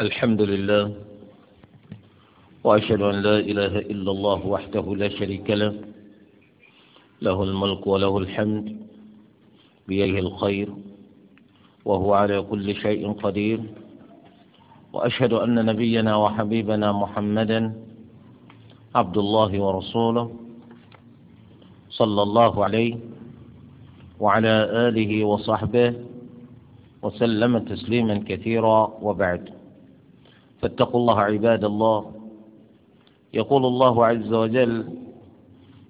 الحمد لله وأشهد أن لا إله إلا الله وحده لا شريك له له الملك وله الحمد بيده الخير وهو على كل شيء قدير وأشهد أن نبينا وحبيبنا محمدا عبد الله ورسوله صلى الله عليه وعلى آله وصحبه وسلم تسليما كثيرا وبعد فاتقوا الله عباد الله يقول الله عز وجل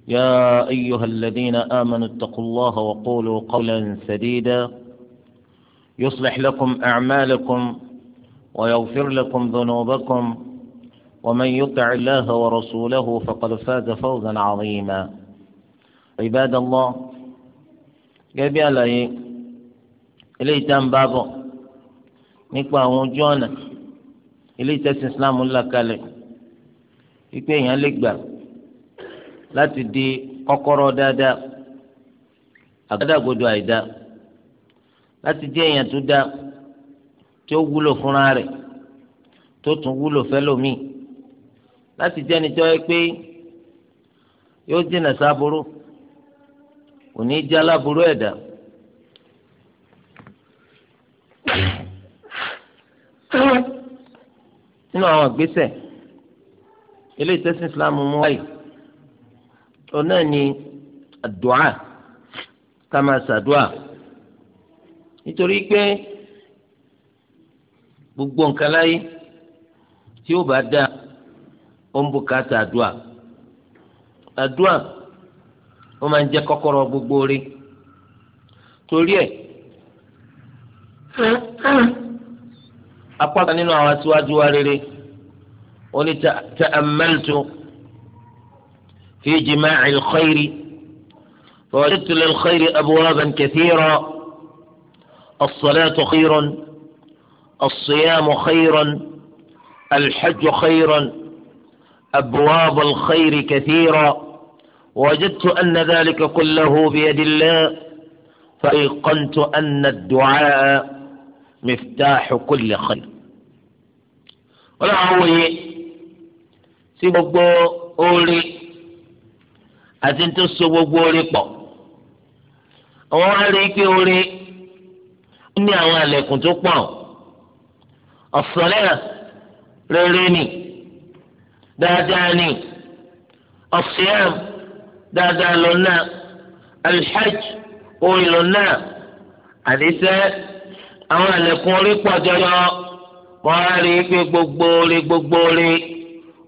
يا أيها الذين آمنوا اتقوا الله وقولوا قولا سديدا يصلح لكم أعمالكم ويغفر لكم ذنوبكم ومن يطع الله ورسوله فقد فاز فوزا عظيما عباد الله gẹ́gẹ́ àlàyé eléyìí tá à ń bá bọ̀ nípa àwọn ojú ọ̀nà ilé ìtẹ́sìn islam ńlá kalẹ̀ wípé èèyàn lè gbà láti di kọ́kọ́rọ́ dáadáa àgádágodo àìdá láti jẹ́ èèyàn tó dáa tí ó wúlò fúnra rẹ̀ tó tún wúlò fẹ́lòmíì láti jẹ́ ẹni tó yẹ pé yóò jìnà sáburú kò ní í ẹ̀dá. Thank you. nínú àwọn ìgbésẹ̀ ilé ìtẹ́sìn islam mú wáyé ọ náà ni àdúà ká máa ṣàdúà nítorí pé gbogbo nǹkan láyé tí ó bá dáa ó ń bùkátà àdúà ó máa ń jẹ́ kọ́kọ́rọ́ gbogbo rí torí ẹ̀. apata nínú àwọn aṣíwájú wa rere ó ní ta'ammaltu fi jima'i al-khayri fawajadtu lil-khayri abwaban kathira as-salatu khayrun as-siyamu khayrun al-hajju khayrun أبواب الخير كثيرا وجدت أن ذلك كله بيد الله فأيقنت أن الدعاء miftahu kulli khair wọn làwọn wòye sí gbogbo oore àti tó so gbogbo oore pọ̀ àwọn wá rí i pé oore ó ní àwọn àlẹ̀kùn tó pọ̀ ọ̀fọ̀lẹ́yà rere ni dáadáa ni ọ̀fìyàm dáadáa lọ́nà alhaj òun lọ́nà àdìsẹ́ àwọn àlẹkùn orí pọ̀ jọjọ wọn á rí i pé gbogbo orí gbogbo orí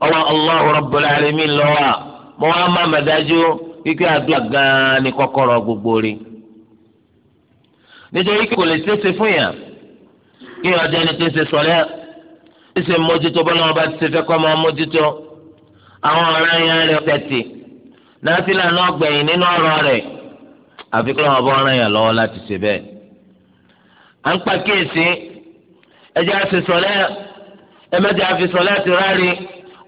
ọwọ́ Allahu Rabbul Alamin lọ́wọ́ mo wá má mẹ́dájú kíkẹ́ àdúrà gan-an ní kọ́kọ́rọ́ gbogbo orí. nítorí kò lè ṣeéṣe fún yàn kí ọjọ́ ẹni tó ń ṣe sọ̀rẹ́ ẹ̀ ṣe mójútó bọ́lá wọn bá ti ṣe fẹ́ kọ́ máa mójútó àwọn ọ̀rẹ́ yẹn rẹ̀ tẹ̀tì náà sílẹ̀ náà gbẹ̀yìn nínú ọ̀rọ̀ rẹ̀ àfikún àwọn ọ̀rẹ́ yẹn lọ́wọ́ láti ṣe bẹ́ẹ̀ à ń pa kíyèsí ẹjẹ àfisọlẹ ẹmẹjẹ àfisọlẹ ti rárí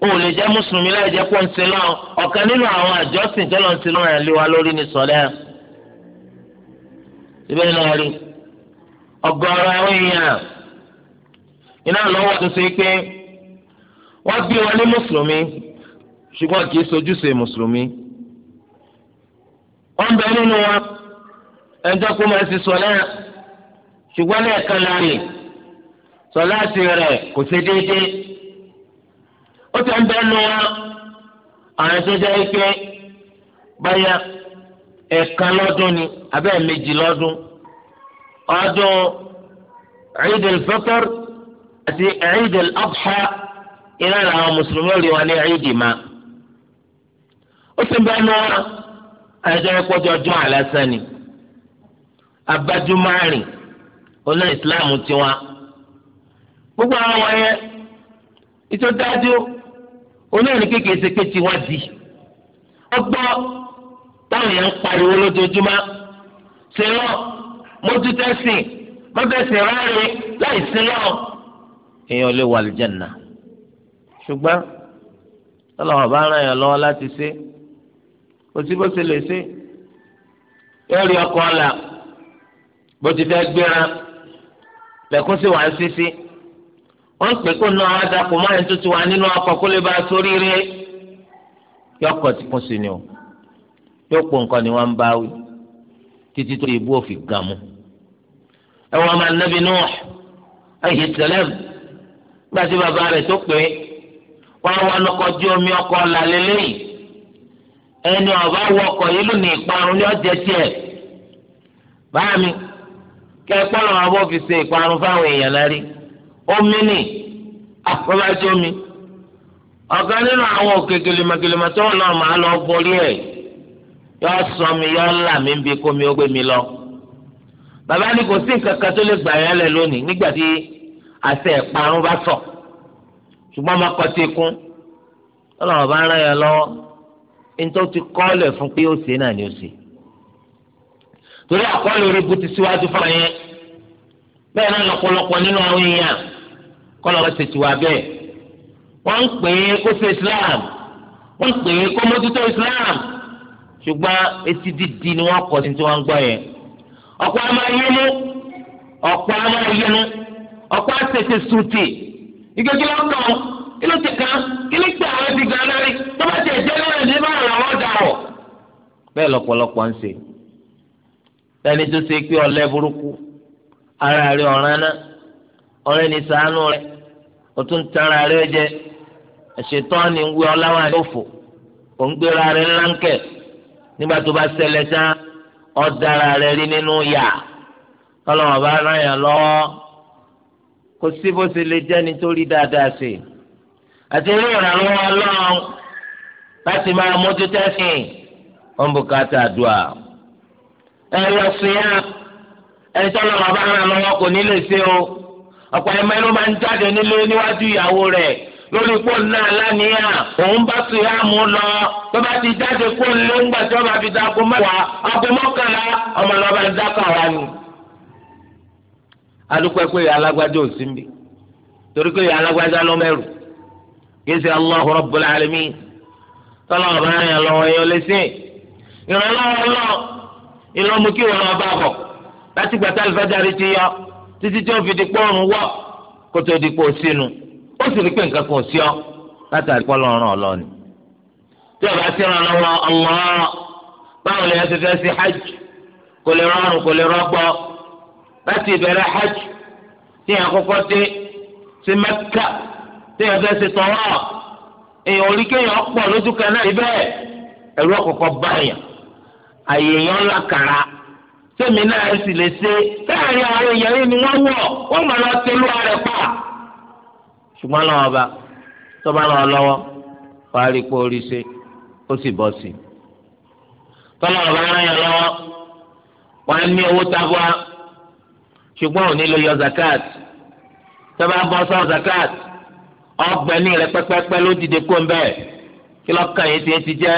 o lè jẹ mùsùlùmí láì jẹ pọ ńsẹ lọ ọ̀kan nínú àwọn àjọsìn tẹlọ ńsẹ lọ rẹ lé wa lórí ní sọlẹ síbẹ̀ náà rí ọ̀gọ̀rọ̀ àwọn èèyàn iná lọ́wọ́ tó ṣe pé wọ́n bí wọn ní mùsùlùmí ṣùgbọ́n kì í sojúṣe mùsùlùmí wọ́n bẹ nínú wọn ẹjọ́ kó máa ti sọ lẹ́yìn ṣùgbọ́n lẹ́ẹ̀kan láàrin sọláàtì rẹ̀ kò ṣe déédéé ó ti ń bẹ́ẹ̀ nu wa àwọn tó jẹ́ pé báyà ẹ̀ẹ̀kan lọ́dún ni abẹ́ẹ̀ méjì lọ́dún ọdún Eid al-Fitr àti Eid al-Adha iná làwọn mùsùlùmí rí wọn ní Eid ma ó ti ń bẹ́ẹ̀ nu wa àwọn tó jẹ́ ọjọ́ ọjọ́ àlásán ni abájúmárìn ọ̀nà ìsìláàmù tiwọn gbogbo àwọn wọ̀nyẹn ètò dájú onáàní kékeré ṣe pé tiwọn di ọgbọ́ táwọn yẹn ń pariwo lójoojúmọ́ ṣe lọ mójútẹ́sìn mọ́tẹ́sìn ráre láì sí lọ. èèyàn lè wà lìjẹ̀nà ṣùgbọ́n tọ́lọ́wọ́ bá ràn yàn lọ́wọ́ láti ṣe kò sí bó ṣe lè ṣe yọ̀ọ́ rí ọkọ̀ bó ti fẹ́ gbéra lẹ́kún sí wàá sísí wọ́n pè kó náà wá dàpọ̀ mọ́ ẹni tó ti wà nínú ọkọ̀ kó lè bá sórí rẹ̀ yọkọ̀ tí kún sí ni o yóò pọ̀ nǹkan ni wọ́n ń bá wí títí tó ibú òfin gan mu. ẹ wọ́n máa nábì Nuh ayé sẹlẹ̀m nígbà tí bàbá rẹ̀ tó pé wọ́n wá lọ́kọ̀ jí omi ọkọ̀ làlẹ́ ẹni ọ̀bá wọ ọkọ̀ yìí lónìí ìparun ní ọ̀jẹ̀ tiẹ̀ báàmì. kẹ́kọ́ lọ́wọ́ bó fi ṣe ìparun fáwọn èèyàn lárí omi àfọlájú omi ọ̀kan nínú àwọn òkè gèlèmọ̀gèlèmọ̀ tó wọn náà máa lọ borí ẹ̀ yọ sọ mi yọ là mí bí kó ó gbé mi lọ bàbá ni kò sí nǹkan kan tó lè gbà yẹn lẹ lónìí nígbà tí àṣẹ ìparun bá sọ ṣùgbọ́n kọ́ ọlọ́run bá torí àkọọ́lẹ̀ orí bu ti síwájú fún bẹ́ẹ̀ náà lọ́pọ̀lọpọ̀ nínú àwọn èèyàn bẹ́ẹ̀ wọ́n ń Islam wọ́n ń Islam ṣùgbọ́n etí dídì ni wọ́n kọ́ sí tí wọ́n ń gbọ́ yẹn ọ̀pọ̀ àmọ́ yẹnu ọ̀pọ̀ àmọ́ yẹnu ọ̀pọ̀ àṣẹṣe sùtì ìgbẹ́jọ́ lọ́kàn kí ló ti kàn kí ló gbà wọ́n ti gan lórí tó bá ní lẹ́ni tó ṣe pé burúkú ara rẹ̀ ọ̀ràn náà ọ̀rẹ́ ni sàánú rẹ̀ o tún tara jẹ ni ń wé ọláwà ní òfò ò ń gbéra rẹ̀ ńláńkẹ̀ nígbà tó bá ṣẹlẹ̀ tán ọ̀dàrà rẹ̀ rí nínú yà ọlọ́wọ́n bá rán yàn lọ́wọ́ kò sí bó ṣe lè jẹ́ nítorí dáadáa sí i àti ẹ̀rọ ṣìyà ẹni tó lọ́wọ́ bá ràn lọ́wọ́ kò ní lè o ọ̀pọ̀ ẹmọ ẹni máa ń jáde nílé níwájú ìyàwó rẹ̀ lórí pọ́ùn náà lánìyà òun bá ṣìyà mú lọ tó bá ti jáde pọ́ùn lé ńgbà tí wọ́n bá fi da aago ọmọ ń dákà wá ni. alùpùpù alágbájá torí lé ìrànlọ́wọ́ náà ìlú ọmọ kí wọn bá bọ̀ láti gbàtà alifájárì ti yọ títí tí fi di pọ́ọ̀rùn wọ̀ kó di pọ̀ sínú ó sì rí pé nǹkan kan sí ọ látàrí tí ọba báwo lè ṣe sí hajj kò lè rọrùn kò lè rọgbọ hajj tí yẹn dé sí tí yẹn èèyàn oríkèèyàn lójú kan àyè yẹn ńlá kàrà sẹ́mi náà sì lè ṣe láàrin àwọn èèyàn yìí ni wọ́n wọ̀ wọ́n mọ̀ lọ́ọ́ tẹ́lú ààrẹ pa. ṣùgbọ́n lọ́wọ́ bá tọ́ba lọ́wọ́ lọ́wọ́ wàá rí i pé orí ṣe ó sì bọ́ sí i. tọ́lọ́wọ́ bá rán yẹn lọ́wọ́ wàá ní owó tabua ṣùgbọ́n ò nílò yọ zakat tọ́ba bọ́ sọ zakat ọgbẹ́ni rẹ pẹ́pẹ́pẹ́ ló dìde kó ń bẹ́ẹ̀ kí lọ́kàn yìí ti jẹ́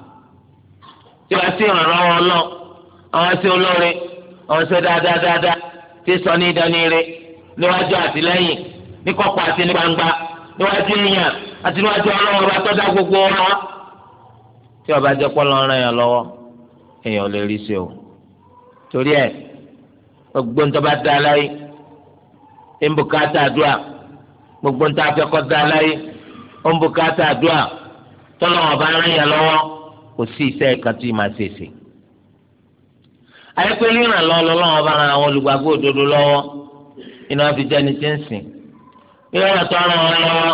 tí wàá sí ìrànlọ́wọ́ ọlọ́ àwọn sí olóore àwọn sí dáadáa dáadáa tí sọ ní ìdánire níwájú àtìlẹ́yìn ní kọ̀kọ̀ àti ní gbangba níwájú èèyàn àti níwájú ọlọ́wọ́ bá tọ́jà gbogbo wọn. tí ọba jẹ́ pọ́ lọ́rùn èèyàn lọ́wọ́ èèyàn ò lè rí sí o torí ẹ̀ gbogbo nítorí bá dá láyé ńbùkátà àdúrà gbogbo nítorí afẹ́kọ́ dá láyé ńbùkátà àdúrà tọ́lọ́wọ́ bá rán èèyàn lọ́wọ́ kò sí iṣẹ́ kan tí máa ṣe ṣe. àyẹ̀pẹ́ ríran lọ́lọ́ lọ́wọ́ bá ran àwọn olùgbàgbọ́ òdodo lọ́wọ́ iná fi jẹ́ni tí ń sìn. ríran tó ran wọn lọ́wọ́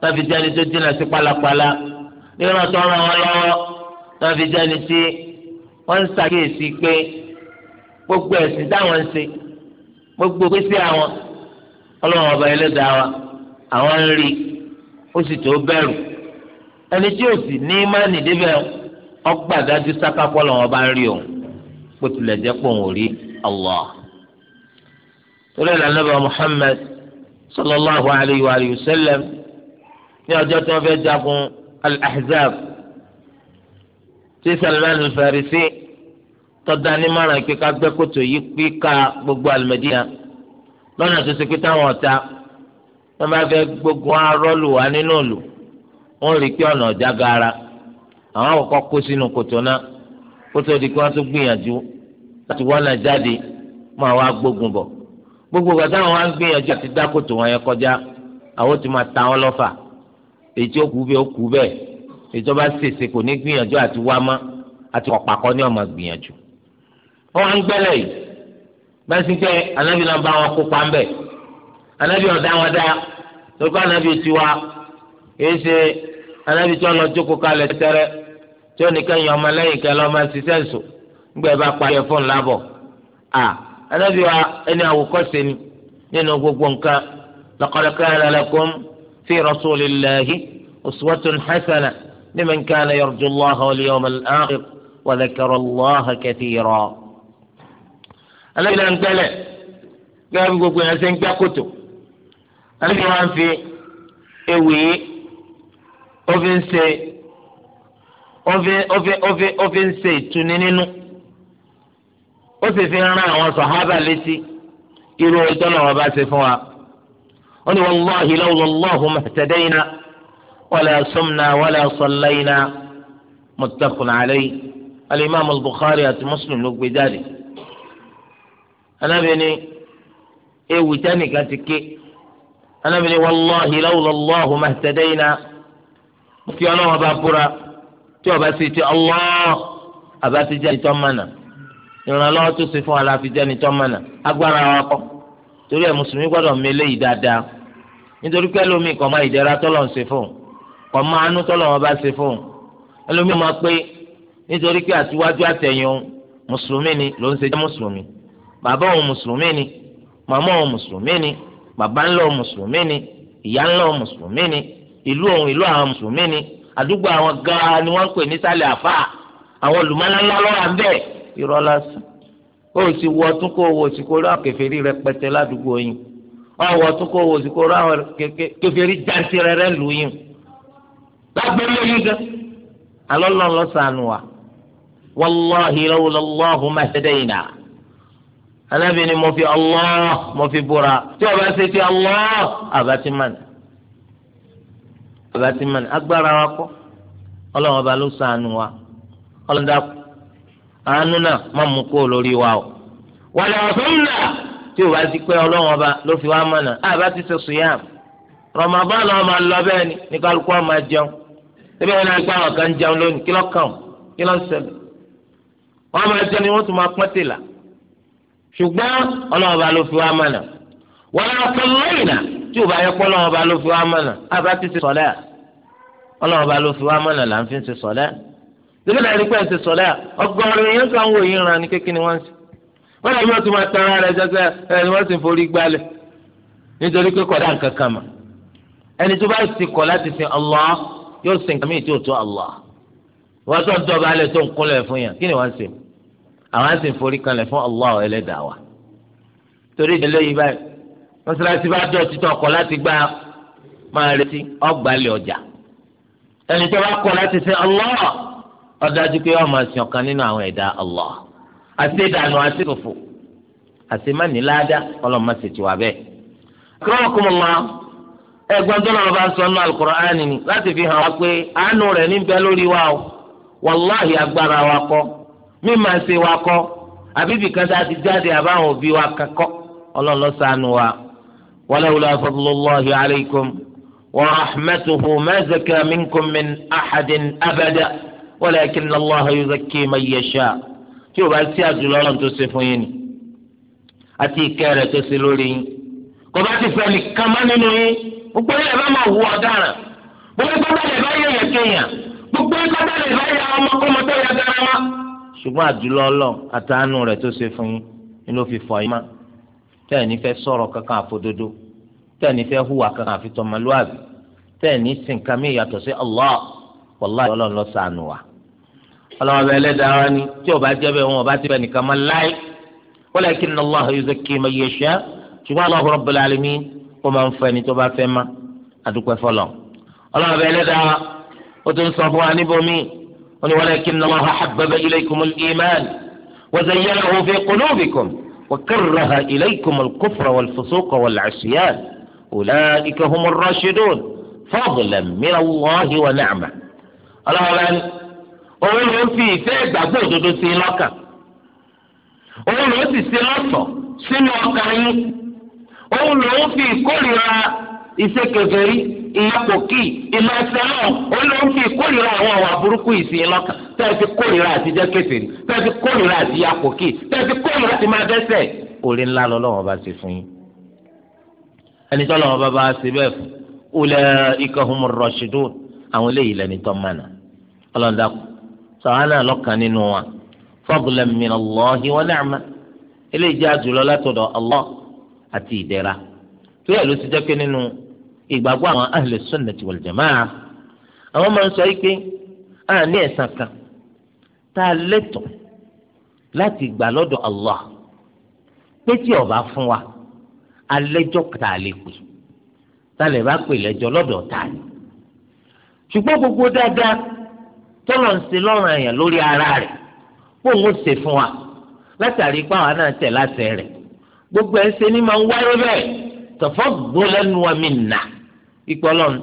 tó fi jẹ́ni tó dínà sí pálapàla. ríran tó ran wọn lọ́wọ́ tó fi jẹ́ni tí wọ́n ń ṣàkíyèsí pé gbogbo ẹ̀sìn táwọn ń ṣe gbogbo pèsè àwọn ọlọ́wọ́n ọba ẹlẹ́dàá wa àwọn ń rí ó sì tó bẹ̀rù ẹni tí ó sì ní má nìdébẹ̀ ọgbà dájú sáká pọ́lọ́ wọn bá ń rí òun bó tilẹ̀ jẹ́ pé òun ò rí Allah. torí ẹ̀ lànà bá Muhammad sallallahu alayhi wa sallam ní ọjọ́ tí wọ́n fẹ́ jagun al-ahzab tí Salman al-Farisi tọ́da ní márùn-ún pé ká gbẹ́ kòtò yìí píka gbogbo al lọ́nà tó ṣe pé táwọn ọ̀tá wọ́n bá fẹ́ gbógun arọ́lù wá nínú òlù wọ́n rí pé ọ̀nà ọ̀já gara. àwọn àkọ́kọ́ kó sínú kòtò náà kótó di kí wọ́n tó gbìyànjú láti wọ́n náà jáde máa wá gbógun gbogbo ìgbà táwọn wá ń gbìyànjú àti dá kòtò wọn yẹn kọjá àwọn ti máa ta wọn èyí tí ó kú bẹ́ẹ̀ ó kú bẹ́ẹ̀ èyí tó bá kò ní gbìyànjú àti wá mọ́ àti ọ̀pàkọ́ ní ọmọ gbìyànjú. wá ń gbẹ́lẹ̀ yìí bá náà bá wọn kópa ń bẹ̀ tí ó ní kẹ́yìn ọmọlẹ́yìn kẹ́ lọ́ọ́ máa ṣiṣẹ́ sùn nígbà bá parí fún lábọ̀ à ẹnẹ́bí wa ẹni àwòkọ́ṣe ni keyin omoleyin ke loo maa sise sun ahir wàlẹ̀ ba pari fun labo a kótó ẹlẹ́bí wa eni awokose ni ninu gbogbo nǹkan laqad kana lakum fi rasulillahi uswatun hasana liman kana yarju allaha wal yawmal akhir wa dhakara allaha kathira. ẹnẹ́bí náà ń tẹ́lẹ̀ gẹ́gẹ́ bí gbogbo yẹn ṣe ń gbá kòtò ẹnẹ́bí wa ń fi ewì ọfẹ ọfẹ ọfẹ ọfẹ ń ṣe ìtuni nínú ó sì fi rán àwọn sàhábà létí irú ìtọ́ náà wọ́n bá ṣe fún wa ó ní wàlláhi lọ́wọ́lọ́hùn mọ̀tẹ́dẹ́yìnà wàlẹ́ sọ́mùnà wàlẹ́ sọ́láyìnà muttafaqun alayhi alimami al-bukhari àti muslim ló gbé jáde anábìíní ewu tẹ́nìkan ti ké anábìíní wàlláhi lọ́wọ́lọ́hùn mọ̀tẹ́dẹ́yìnà fi ọlọ́wọ́ bá búra tí ọba sì ti Allah àbá ti jẹ́ ìtọ́ mọ̀nà ìrànlọ́wọ́ tó ṣe fún wa la fi jẹ́ ìtọ́ mọ̀nà agbára wa kọ́ torí ẹ̀ mùsùlùmí gbọ́dọ̀ mẹ́lẹ́ yìí dáadáa nítorí pé ẹlòmíì kò máa ìdẹ̀ra tọ́lọ̀ ń ṣe fún un kò máa anú tọ́lọ̀ wọn bá ṣe fún un ẹlòmíì máa pé nítorí pé àtiwájú àtẹ̀yìn mùsùlùmí ni ló ń ṣe jẹ́ mùsùlùmí bàbá òun mùsùlùmí ni màmá òun mùsùlùmí ni bàbá ńlá òun mùsùlùmí ni ìyá ńlá òun mùsùlùmí ni ìlú òun ìlú àwọn mùsùlùmí ni àdúgbò àwọn gan ni wọ́n ń pè nísàlẹ̀ àfà àwọn olùmọ̀lánlá lọ́wọ́ à ń bẹ̀ irọ́ lásán ó sì wọ ọtún kó owó sí kó rọ kèfèrí rẹpẹtẹ ládùúgbò yín ọwọ ọtún kó owó sí kó rọ àwọn kèfèrí jantirẹ rẹ lù yín lágbẹ́lẹ́ yín gan alọ́lọ́ lọ́sàn-án wa wàlláhi lọ́wọ́lọ́hùn máa yìí nà anábìíní mo fi Allah mo fi búra tí o ṣe ti Allah àbátí mánà bàbá tí mọ̀ ní agbára wa kọ́ ọlọ́run ọba ló sànù wa ọlọ́run dàkú àánú náà má mú kó lórí wa o wàlẹ̀ ọ̀sán náà tí o bá ti pẹ́ ọlọ́run ọba ló fi wá mọ̀nà àbá ti sọ sùyàm rọmọbá náà máa lọ bẹ́ẹ̀ ni ní kálukú ọmọ jẹun síbi wọn náà gbá àwọn kan jẹun lónìí kí lọ́kàn kí lọ́ ń ṣẹlẹ̀ wọn máa ni wọ́n tún máa pọ́n tìlà ṣùgbọ́n ọlọ́run ọba ló fi wá mọ̀nà wàlẹ̀ ọ̀sán lóyìn náà tí ò bá yẹ kọ́ lọ́wọ́ bá ló fi wá mọ̀nà àbá ti ṣe sọ̀lẹ́ ọlọ́wọ́ bá ló fi wá mọ̀nà là ń fi ṣe sọ̀lẹ́ síbi náà rí pé ṣe sọ̀lẹ́ ọgọ́rin yẹn kan wò yín ran ni kékeré wọ́n ṣe wọ́n lè yóò tún máa tẹ̀ra rẹ̀ jẹ́sẹ̀ ẹni wọ́n sì ń forí gbálẹ̀ nítorí pé kọ̀dá nǹkan kan mà ẹni tó bá sì kọ̀ láti sin Allah yóò sin kàmí tí ò tó Allah wọ́n tó ń dọ̀bà alẹ̀ tó ń kúnlẹ̀ fún yàn kí Allah ẹlẹ́dàá wa torí ìdílé yìí báyìí mọ́sálásí bá dọ̀ ọtụtụ ọkọ̀ láti gba máa retí ọjà ẹni tó bá kọ̀ láti sin Allah pé ọmọ àti ọ̀kan nínú àwọn ẹ̀dá Allah àti ìdànù àti fòfò àti mánìláàdá ọlọ́mọ wà bẹ́ẹ̀. ẹgbọ́n tó lọ́wọ́ bá ń sọ fi hàn wá pé àánú rẹ̀ ní lórí wa o wàláhì agbára wa kọ́ ṣe kọ́ àbíbì kan tá a ti jáde àbáwọn òbí wa kankọ́ ولولا فضل الله عليكم ورحمته ما زكى منكم من أحد أبدا ولكن الله يزكي من يشاء tí o bá sí àdúrà ọlọ́run tó ṣe fún yín ni àti ìkẹ́ rẹ̀ tó ṣe lórí yín kò bá ti fẹ́ nìkan má nínú yín gbogbo yẹn bá máa wù ọ̀daràn gbogbo bá lè bá yẹ yẹ kéèyàn gbogbo bá bá lè bá yẹ ọmọkọ́mọ tó yẹ dára wá. ṣùgbọ́n àdúrà ọlọ́run àtàánú rẹ̀ tó ṣe fún yín ni ló fi fọ yín má tẹ́ẹ̀ ní fẹ́ sọ̀rọ̀ kankan àfododo tẹ́ẹ̀ ní fẹ́ hùwà kankan àfi tọmọlúwàbí tẹ́ẹ̀ ní sìnkà mí yàtọ̀ sí Allah wàláhì ọlọ́run ló ṣàánú wa. ọlọ́run ọba ẹlẹ́dàá wa ni tí ò bá jẹ́ bẹ́ẹ̀ wọn ò bá ti bẹ́ẹ̀ nìkan máa láì walakinna Allaha yuzakki man yasha ṣùgbọ́n Allahu rabbul alamin ó máa ń fẹ́ ni tó bá fẹ́ má adúpẹ́ fọlọ́. ọlọ́run ọba ẹlẹ́dàá وكره إليكم الكفر والفسوق والعصيان أولئك هم الراشدون فضلا من الله ونعمة ọlọ́run òun ló ń fi ìfẹ́ ìgbàgbọ́ òdodo sí lọ́kàn òun ló sì sí lọ́sọ̀ sínú ọkàn yín òun ló ń fi ìkórìíra ìṣekèfèrí ìyàpò kí ìmọ̀ ẹsẹ̀ náà òun ló ń fi ìkórìíra àwọn àwà burúkú yìí sí lọ́kàn tẹ́ẹ̀ fi kórìíra àti jẹ́ kèfèrí tẹ́ẹ̀ fi kórìíra àti apòkì tẹ́ẹ̀ fi kórìíra àti máa dẹ́ṣẹ̀ orí ńlá lọ́lọ́wọ́ bá ṣe fún yín ẹni tó lọ́wọ́ bá bá ṣe bẹ́ẹ̀ fún ulaika humur rashidun àwọn eléyìí lẹni tó mánà ọlọ́run dàkú sàánà lọ́kàn nínú wa fadlan min Allahi wa ni'ma eléyìí jẹ́ àjùlọ látọ̀dọ̀ àti ìdẹ̀ra tó yẹ àwọn máa ń sọ yìí pé àní ẹ̀sán kan tá a lẹ́tọ̀ láti gbà lọ́dọ̀ Allah pé tí ọba fún wa alẹ́jọ́ tá a lè pè tá a lè bá pè lẹ́jọ́ lọ́dọ̀ tá a ní. ṣùgbọ́n gbogbo dáadáa tọ́lọ̀ ń ṣe lọ́rùn àyàn lórí ara rẹ̀ kó ń ṣe fún wa látàrí pé àwọn náà tẹ̀ láṣẹ rẹ̀ gbogbo ẹ̀ ṣe ní máa ń wáyé bẹ́ẹ̀ tọ̀fọ́ gbólẹ́nu wa mi nà ìpọ́lọ́run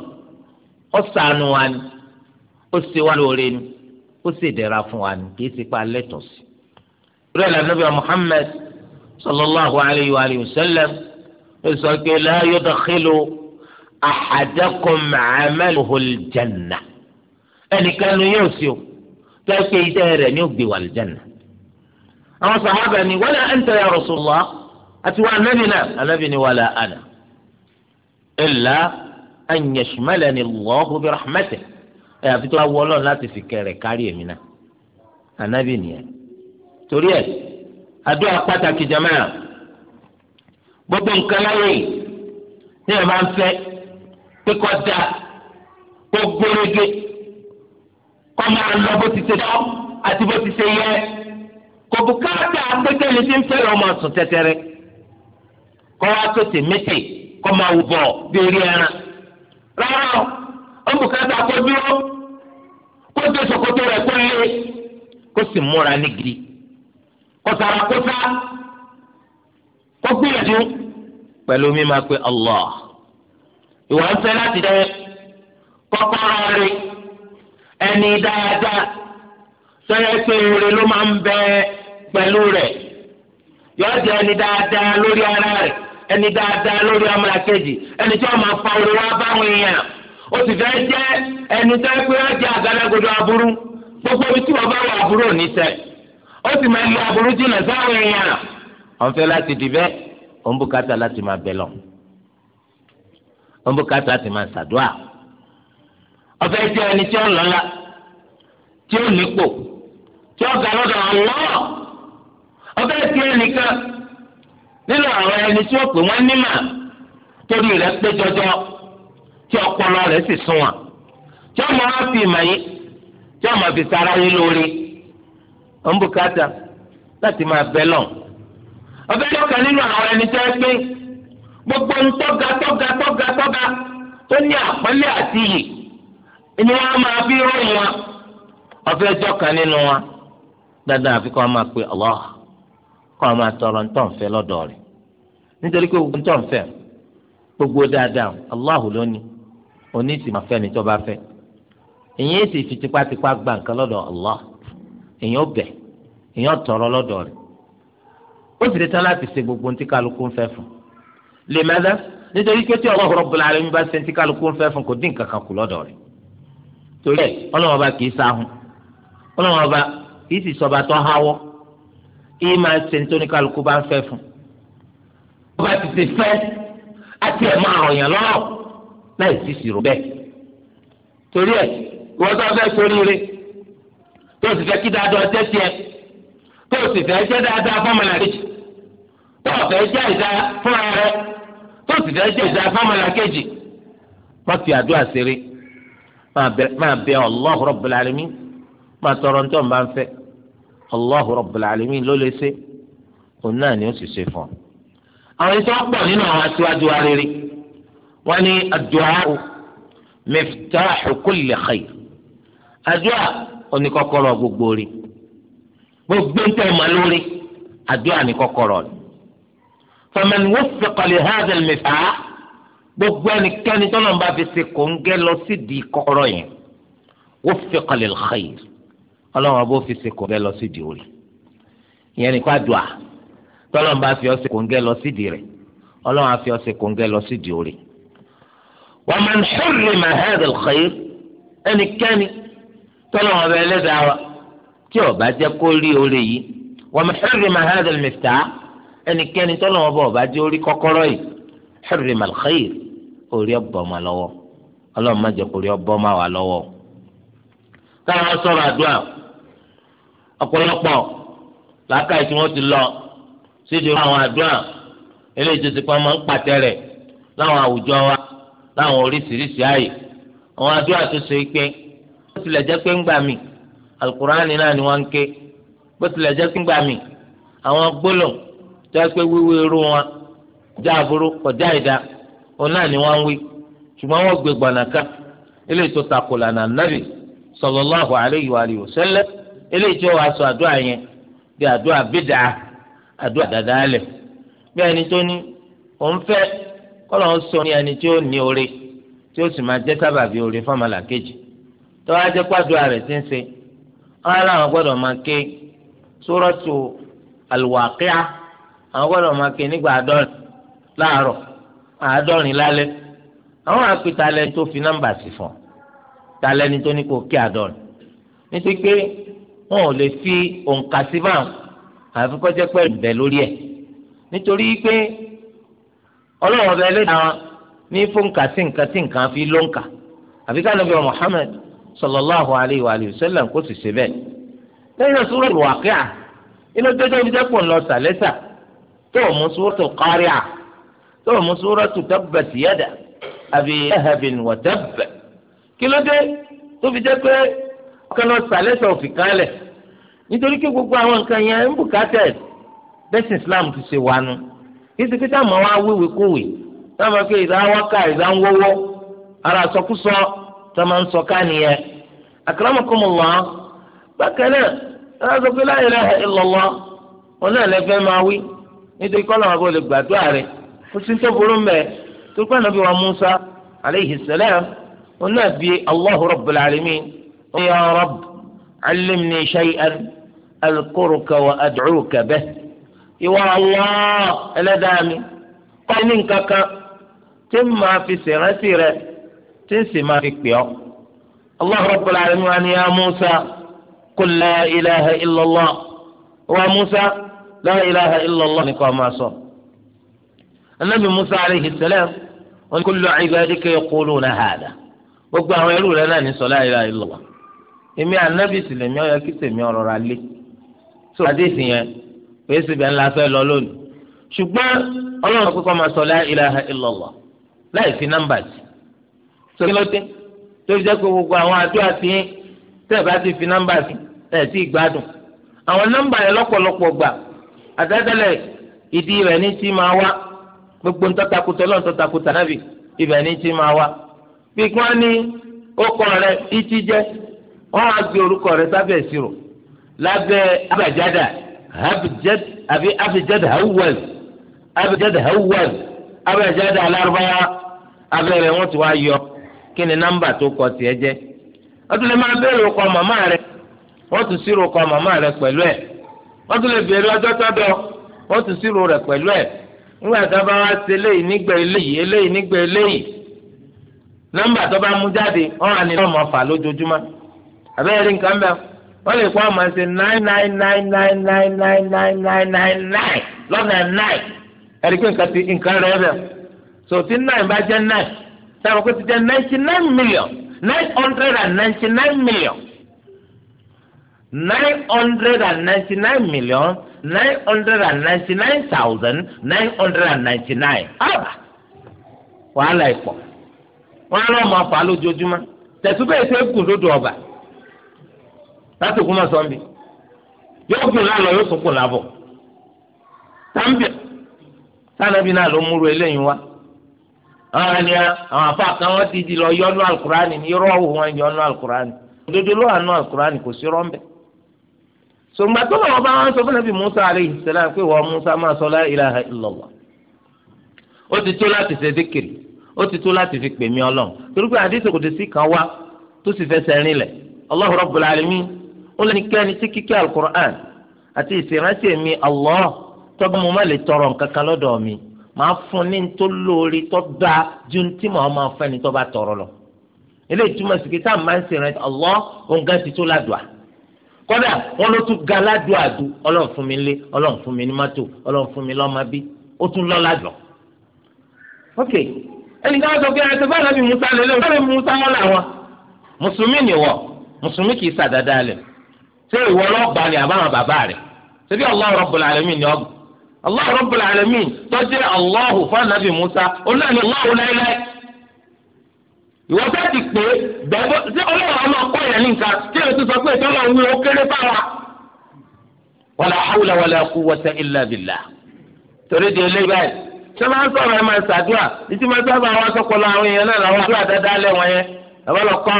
ó wa ni ó ṣe wá lóore ni ó sì dẹ̀ra fún wa ní kì í ti pa lẹ́tọ̀ sí. ìrẹ́ lànàbíà Muhammad sallallahu alayhi wa sallam ló sọ pé la yudkhilu ahadakum 'amaluhu al-janna ẹnìkan ló yóò sí o tó ṣe iṣẹ́ rẹ̀ ó gbé ògbé wà al-janna. àwọn sàhábà ni wọ́n wala anta ya rasulullah àti wọ́n ànábì náà ànábì ni wọ́n wala ana illa an yashmalani Allahu bi rahmatihi. e a tó wá wọ láti fi kẹrẹ̀ kárí èmi náà ànábì nìyẹn torí ẹ àdúrà pàtàkì jàmáà gbogbo nǹkan láyé ní ẹ̀ máa ń kó máa lọ bó ti ṣe àti bó ti ṣe yẹ kò bùkátà pété ni ń ọmọ sùn wá o kó dé rẹ̀ kó lé kó sì múra ní kó sara kó sá kó gbìyànjú pẹ̀lú mímá pé Allah ìwà ń fẹ́ láti dẹ́ kọ́kọ́rọ́ rẹ̀ ẹni dáadáa sọ́yẹ́ pé oore ló máa ń bẹ pẹ̀lú rẹ̀ yọ̀ọ́ jẹ́ ẹni dáadáa lórí ara rẹ̀ ẹni dáadáa lórí o si fẹ́ jẹ́ ẹni tó ń pé ó jẹ́ àgádágodo aburú gbogbo ibi tí wọ́n bá wà aburú òní sẹ́ O sì máa lo aburú jìnnà sáwọn èèyàn ọ̀n fẹ́ láti dì òun bùkátà láti máa bẹ̀ lọ òun bùkátà láti máa jẹ́ ẹni tí ó tí ga lọ́dọ̀ ọ̀wọ́ ọ̀fẹ́ jẹ́ ẹnìkan nínú àwọn ẹni tí ó pè wọ́n nímà torí rẹ̀ pé tí ọpọlọ rẹ̀ sì sún tí ọmọ wa fi ìmọ̀ yìí tí ọmọ fi sara yín lórí ọ̀nbùkátà láti máa bẹ lọ. ọbẹ̀ nínú àwọn ẹni gbé gbogbo ń tọ́ga tọ́ga tọ́ga tọ́ga tó ní àti iyì máa ọbẹ̀ nínú àfi kọ́ tọrọ lọ́dọ̀ rẹ̀ nítorí pé gbogbo dáadáa onísìmọ̀fẹ́ ni tó bá fẹ́ èyí èsì fi tipátipá gba nǹkan lọ́dọ̀ Allah èyí ó bẹ̀ èyí ó tọrọ lọ́dọ̀ rẹ̀ ó sì láti ṣe gbogbo ní kálukú fẹ́ fún lè mẹ́lẹ́ nítorí pé tí bá ṣe ní kálukú fẹ́ fún kò dín nǹkan kan kù lọ́dọ̀ rẹ̀ torí kì í sáhùn kì í sì tó háwọ́ máa ṣe ní tóní kálukú ti ti fẹ́ á ti ẹ̀ máa lọ́rọ̀ láì sí ìṣirò bẹ́ẹ̀ torí ẹ̀ wọ́n tó fẹ́ sóríire tó sì fẹ́ kí dáadọ́ tẹ́ tiẹ̀ tó sì fẹ́ jẹ́ dáadáa fọ́mọlà kejì tó fẹ́ jẹ́ ìdá fúnra rẹ tó sì fẹ́ jẹ́ ìdá fọ́mọlà kejì má fi àdúrà ṣeré máa bẹ Allah Rabbul Alamin máa tọrọ ní tó ń bá ń fẹ́ Allah Rabbul Alamin ló lè ṣe òun náà ni ó sì ṣe fún ọ. àwọn ìṣọ́ pọ̀ nínú àwọn aṣíwájú wa rere wọ́n ní àdúrà miftahu kulli khair àdúrà oní kọ́kọ́rọ́ gbogbo rí gbogbo ntẹ ma lórí àdúrà ní kọ́kọ́rọ́ rẹ̀ faman wuffiqa li hadha al-miftah gbogbo ẹnikẹ́ni tọ́nà bá fi ṣe kòńgẹ́ lọ sí di kọ́kọ́rọ́ yẹn wuffiqa lil khair ọlọ́run bó fi ṣe kòńgẹ́ lọ sí di orí ìyẹn ní kó àdúrà tọ́nà fi ọ ṣe kòńgẹ́ lọ sí di rẹ̀ ọlọ́run fi ọ ṣe kòńgẹ́ lọ sí di orí wa man harrama hadha al-khayr ẹnikẹ́ni tọ́lọ́ ọba ẹlẹ́dàá wa tí ọba jẹ́ kó rí orí yìí wa man harrama hadha al-miftah ẹnikẹ́ni tọ́lọ́ ọba ọba jẹ́ orí kọ́kọ́rọ́ yìí harrama al-khayr orí ọba ọmọ lọ́wọ́ ọlọ́run má jẹ́ kó rí ọba ọmọ wa lọ́wọ́ káwọn sọ̀rọ̀ àdúrà ọ̀pọ̀lọpọ̀ làákàyè tí wọ́n ti lọ sídìí àwọn àdúrà eléyìí tó ti pọ́n máa ń pàtẹ́rẹ̀ láwọn àwùjọ wa. láwọn oríṣiríṣi ààyè àwọn àdúrà tó so pé bó tilẹ̀ jẹ́ pé ń gbà mí alukurani náà ni wọ́n ń ké bó tilẹ̀ jẹ́ pé ń gbà mí àwọn tó yẹ pé wíwí irú wọn ìdá òun náà ni wọ́n ń wí ṣùgbọ́n wọ́n gbé gbọ̀nàká tó takò lànà kọ́lọ̀ ń sọ ní ẹni tí ó ní oore tí ó sì máa jẹ́ sábàbí oore fọ́mọlà kejì tó wá jẹ́ pàdúrà rẹ̀ ti ń ṣe wọn aláwọn gbọ́dọ̀ máa ké sórọ́tù àlùwàkíá àwọn gbọ́dọ̀ máa ké nígbà àádọ́rin láàárọ̀ àádọ́rin lálẹ́ àwọn àpètà lẹni tó fi nọ́mbà sí fún ta lẹni tó ní kó ké àádọ́rin nítorí pé wọn ò lè fi òǹkà sí báwọn àfikọ́jẹ́ bẹ̀ lórí ẹ̀ nítorí pé ọlọ́run ọba ẹlẹ́dàá wọn ní fóńkà tí nǹkan tí nǹkan fi ló ń kà àbí Muhammad sallallahu alayhi wa sallam kó sì ṣe bẹ́ẹ̀. lẹ́yìn náà suratul Waqi'ah inú dédé ibi dẹ́pọ̀ ń lọ sàlẹ́sà tó o mú suratul Qari'ah tó tabbat abi lahabin wa tabb kí ló dé tó fi jẹ́ pé ọkàn lọ sàlẹ́sà òfin kálẹ̀ nítorí kí gbogbo àwọn nǹkan yẹn ń bùkátẹ̀ bẹ́sìn Islam kí sì pété àmọ́ wá wíwèé kówè náà máa fi ìdá wákà ìdá ń wọ́wọ́ ara sọkúsọ tó máa ń sọ ká nìyẹn. akramakumullah bákan náà náà sọ pé la ilaha wọn náà lẹ́fẹ́ máa wí nítorí kọ́ làwọn abọ́lé gbàdúrà rẹ̀ ó sì ń tó burú mẹ́ tó wa Musa alayhi salam wọn náà bí Allahu rabbul alamin ya rabb allimni shay'an adhkuruka wa ad'uka bihi ìwọ àwọn ẹlẹ́dàá mi kọ́ ní nǹkan kan tí ń máa fi ṣèrántí rẹ tí ń sì máa fi pè ọ́. Allah Rabbul Alamin wa ni ya Musa kul la ilaha illallah wa Musa la ilaha illallah nìkan máa sọ. Anabi Musa alayhi salam wa kullu ibadika yaquluna hada gbogbo àwọn ẹrú rẹ náà ní sọ la ilaha illallah. Èmi ànábì sì lèmi ọ̀yọ́ kí tèmi ọ̀rọ̀ ra lé. Sọ adé yẹn. pé síbẹ̀ ńlá fẹ́ lọ lónìí ṣùgbọ́n ọlọ́run kọ́kọ́ máa sọ la ilaha illallah láì fi nọ́mbà sí sọ kí ló dé tó jẹ́ pé gbogbo àwọn àdúrà tí tẹ̀ bá ti fi nọ́mbà sí ẹ̀ tí ì gbádùn àwọn nọ́mbà yẹn lọ́pọ̀lọpọ̀ gbà àtẹ́tẹ́lẹ̀ ìdí rẹ̀ ní tí máa wá gbogbo ntọ́takùtà nábì ibẹ̀ ní tí máa wá bí wọ́n ní rẹ̀ jẹ́ wọ́n á habjad àbí abjad hawaz abjad hawaz abjad alárúbáyá abẹ́rẹ́ wọn ti wá yọ kí ni nọ́mbà tó kọ tiẹ̀ jẹ́ wọ́n tún lè máa béèrè ọkọ màmá rẹ̀ wọ́n tún sírò ọkọ màmá rẹ̀ pẹ̀lú ẹ̀ wọ́n tún lè béèrè ọjọ́ tọ́dọ̀ fà nǹkan bẹ́ẹ̀ wọ́n lè kó àwọn máa ṣe nine nine nine nine nine nine nine nine nine nine lọ́nà nine ẹ̀rí pé nǹkan rẹ̀ so tí nine bá jẹ́ nine táwọn kò ti jẹ́ ninety nine million nine hundred and ninety nine million nine hundred and ninety nine million nine hundred and ninety nine thousand nine hundred and ninety nine wàhálà wọ́n á lọ́ọ́ máa fà á lójoojúmọ́ tẹ̀sùbẹ́ẹ̀ ṣe é lódò ọba. láti òkú mọ̀ sọ́nbi yóò gùn lánàá yóò tún gùn lábọ̀ sànàbí náà ló múru eléyìí wá àwọn ni àwọn afa kan wọn ti di lọ yọnu alukurani ní irọ́ wò wọn yọnu alukurani òdodo ló wà nù alukurani kò sí rọ́ńbẹ́ sọgbàtọ́ náà wọ́n bá wọn sọ fún nàbí Musa aleyhi sẹlẹm pé wọ́n Musa máa sọ la ilaha illallah ó ti tó láti dékèrè ó ti tó láti ó lẹ́ni kẹ́ni tí kíkẹ́ alukur'an àti ìsìnrántí mi Allah tọ́gbọ́n mo má lè tọrọ nǹkan kan lọ́dọ̀ mi màá fún ní tó lori tó dáa ju tí màá máa fẹ́ ni tó bá tọrọ lọ eléyìí túmọ̀ sí pé tá a máa ń sìnrántí Allah ti tó ládùá wọn ló tún ga ládùá ọlọ́run fún mi lé ọlọ́run fún mi ní mọ́tò ọlọ́run fún mi lọ́mọ bí ó tún lọ́ ládùá. ok sọ pé ṣé ìwọ lọ́ọ̀bà ni àbáwọn bàbá rẹ̀ ṣebí Allah Rabbul Alamin ni ọ̀gbìn Allah Rabbul Alamin tọ́jú Allahu fanabi Musa olóòní Allahu láéláé ìwọ fẹ́ ti bẹ́ẹ̀ ṣé ọmọ ọkọ yẹn ní nǹkan tí èyí tó sọ pé ìtọ́lọ̀ ń wí kéré báwa. wala torí di eléyìí ṣé máa ń sọ̀rọ̀ ẹ máa máa sábà èèyàn náà làwọn àdúrà dáadáa lẹ́wọ̀n yẹn àwọn afọ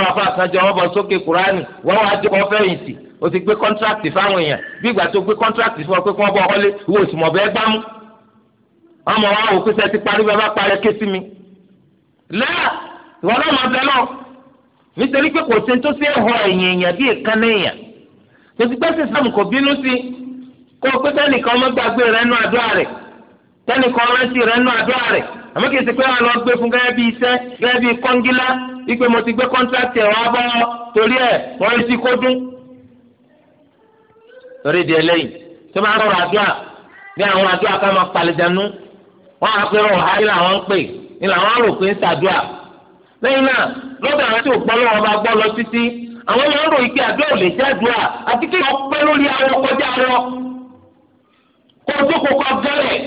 wọn bọ̀ sókè kúránì wá dé o ti gbé kọ́ńtrákìtì fáwọn èèyàn bí ìgbà tó gbé kọ́ńtrákìtì fún ọ pé kí wọ́n bọ́ ọlé wo ìsìmọ̀ bẹ́ẹ̀ gbá ọmọ wa wò pèsè ti parí bẹ́ẹ̀ bá parẹ́ ké sí mi. lẹ́yà ìwọ náà máa bẹ lọ nítorí pé kò sí tó sí ẹ̀họ́ ẹ̀yìn èèyàn bí èèkan náà èèyàn tó ti pẹ́sì sàmù kò bínú sí kó o pé tẹ́nìkan ọmọ gbàgbé rẹ nú àdúrà rẹ tẹ́nìkan rántí rẹ nú àdúrà rẹ àmọ́ kì í ti pé wọn lọ gbé fún gẹ́gẹ́ bí iṣẹ́ gẹ́gẹ́ bí kọ́ngílá ipe mo ti gbé kọ́ńtrákìtì ẹ̀ wá torí ẹ̀ wọ́n ti kó dún torí ẹlẹ́yìn tí tó máa rọrọ àdúrà bí àwọn àdúrà ká máa palẹ̀dánú wọ́n á pé rọ̀ hárí làwọn ń pè ní làwọn rò pé ń ṣàdúrà lẹ́yìn náà lọ́dọ̀ àwọn tí ò gbọ́ lọ́wọ́ bá gbọ́ lọ títí àwọn rò ike àdúrà ò lè jẹ́ àdúrà àti kí wọ́n pẹ́ lórí kọjá lọ o kọ gẹ́rẹ̀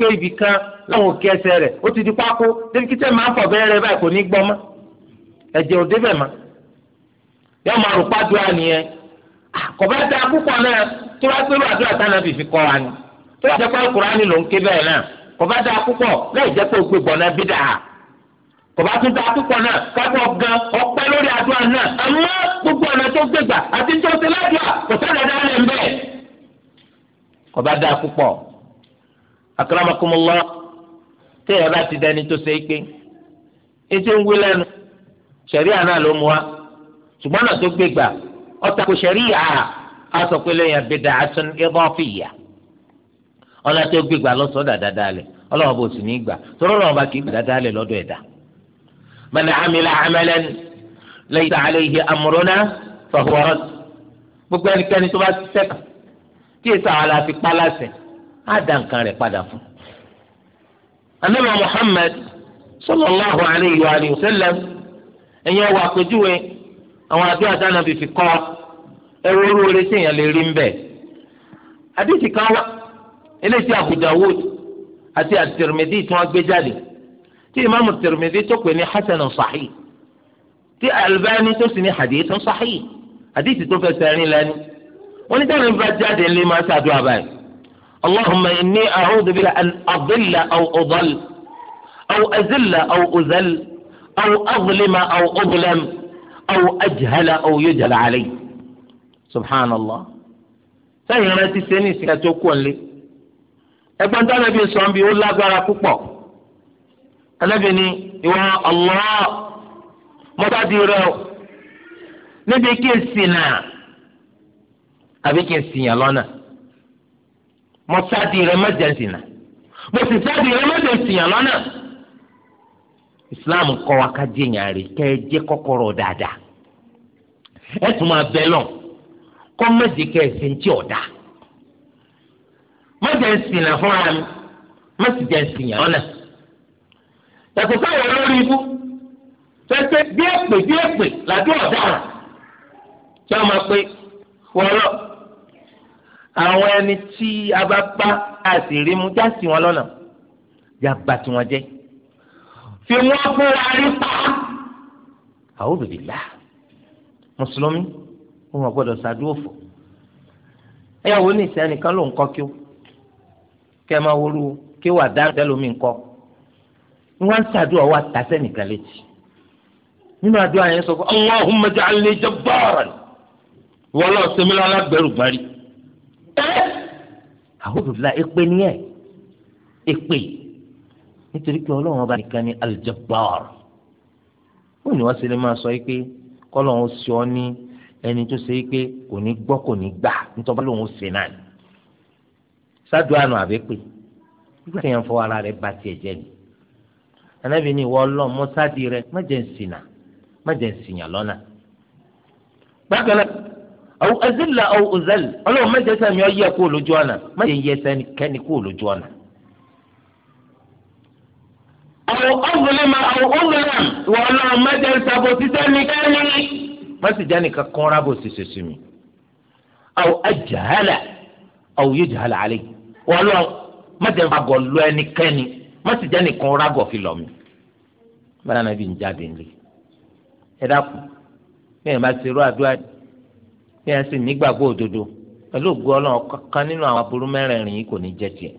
kó kan láwọn òkè ẹsẹ̀ rẹ̀ ó ti di pákó débi kí sẹ́ẹ̀ máa ń fọ̀bẹ́ rẹ báyìí kò ní gbọ́ mọ́ ẹ̀jẹ̀ ò débẹ̀ mọ́ yọ máa rò pàdúrà nìyẹn ah, kọ̀bá da púpọ̀ náà tó bá pẹ́rù àdúrà tánà fìfì kọ́ wa ni tó bá jẹ́ pé Kùránì ló ń ké bẹ́ẹ̀ náà kọ̀bá da púpọ̀ láì jẹ́ pé o gbé bọ̀ náà bí dáa kọba tún da púpọ̀ náà kápọ̀ gan ọpẹ́ lórí àdúrà náà àmọ́ gbogbo ọ̀nà tó gbégbà àti tó ṣe ládùá kò sáré dáa lẹ́ ń bẹ́ẹ̀. kọba da púpọ̀ akramakumullah téèyàn bá ti dẹni tó ṣe é pé etí ń wí lẹ́nu ṣẹ̀ríà náà ló mú wa ṣùgbọ́n náà tó gbé gbà ọ̀tà kò ṣẹ̀ríà á sọ pé lẹ́yìn abẹ́dà àtún ẹ̀bọ́n fìyà ọ̀nà tó gbé gbà lọ́sọ̀ọ́ dáadáa lẹ̀ ọlọ́wọ́ amila gbogbo ẹnikẹ́ni tó bá anabi muhammad sallallahu alayhi wa alihi wa sallam ẹ̀yin ọwọ́ àpèjúwe àwọn àdúrà dáná fìfì kọ́ ẹ̀rọ orí orí tí èèyàn lè rí ń bẹ̀. àdìsí kan wá eléyìí Abu Dawud àti at-Tirmidhi tí wọ́n gbé jáde tí ìmáàmù at-Tirmidhi tó pè ní hasan sahih tí Albani tó sì ní hadith sahih àdìsí tó fẹsẹ̀ rìn lẹ́nu. wọ́n ní dáná bá jáde ńlẹ́ máa ṣàdúrà báyìí. اللهم إني أعوذ بك أن أضل أو أضل أو أذل أو أذل أو أظلم أو أظلم أو أجهل أو يجهل علي سبحان الله سيدي التي سيني سيتوكون لي أبن دانا بي سوام بي الله قارا كوكو أنا بني يوا الله متاديرو نبي كيسينا أبي كيسينا لنا mo sáàdì rẹ mẹjẹsì náà mo sì sáàdì rẹ yàn lọ́nà islam kọ́ wa ká jẹ yàn rí kẹ́ ẹ jẹ́ kọ́kọ́rọ́ dáadáa ẹ tún máa bẹ lọ kọ́ mẹ́jẹ kẹ́ ẹ sì ń tí ọ̀dà mẹjẹsì náà fúnra mi mẹjẹsì yàn lọ́nà yàtọ̀ sáwọn olórí ibú tẹ́tẹ́ bí èpè bí èpè làbí ọ̀daràn tí wọ́n máa pé wọ́n lọ àwọn ẹni tí a bá bá a sì rí mu já sí wọn lọ́nà já bá tiwọn jẹ́ fi wọ́n fún wa rí pa a'udhu billah mùsùlùmí wọn ò gbọ́dọ̀ ṣàdúró fò ẹ̀yàwó ní ìsẹ́ nìkan ló ń kọ́ kí ó kẹ́ ẹ máa wọlú kí ó wà dáńtẹ́ lómi kọ́ wọ́n ń ṣàdúrà wá tàṣẹ́ nìkan létí nínú àdúrà yẹn sọ pé Allahumma ja'alni jabbaran wọ́n lọ́ọ́ sẹ́mi lọ́la gbẹrù gbárí. àwòrán èpè ekpe èpè nítorí pé ọlọ́run ọba nìkan ni al-Jabbar wọ́n ní wọ́n ṣe lè máa sọ pé kọ́lọ́run ó sọ ọ́ ní ẹni tó ṣe pé kò ní gbọ́ kò ní gbà nítorí ó náà ni sádùn àná nígbà tí ara rẹ̀ bá tiẹ̀ jẹ́ ni ìwọ ọlọ́run má jẹ́ ń má jẹ́ ń awo azila awo ozali ọlọ́run mẹ́jẹ sẹ́mi ọ kó lójú ọ̀nà mẹ́jẹ yẹ sẹ́ni kẹ́ni kó lójú ọ̀nà. awo ọ̀gbìnlẹ̀mà awo ọ̀gbìnlẹ̀m ìwọ ọlọ́run mẹ́jẹ sábò sísẹ́ mi kẹ́ni. mẹ́sìjà nìkan kọ́ rábò sísè awo ajahala awo yóò jahala lọ ẹni nìkan bí n jáde nílé ẹ dákun bẹ́ẹ̀ rú yìí kí ẹ sì nígbàgbọ́ òdodo pẹ̀lú ògùn ọlọ́run kankan nínú àwọn aburú mẹ́rẹ̀ẹ̀rin yìí kò ní jẹ́ tiẹ̀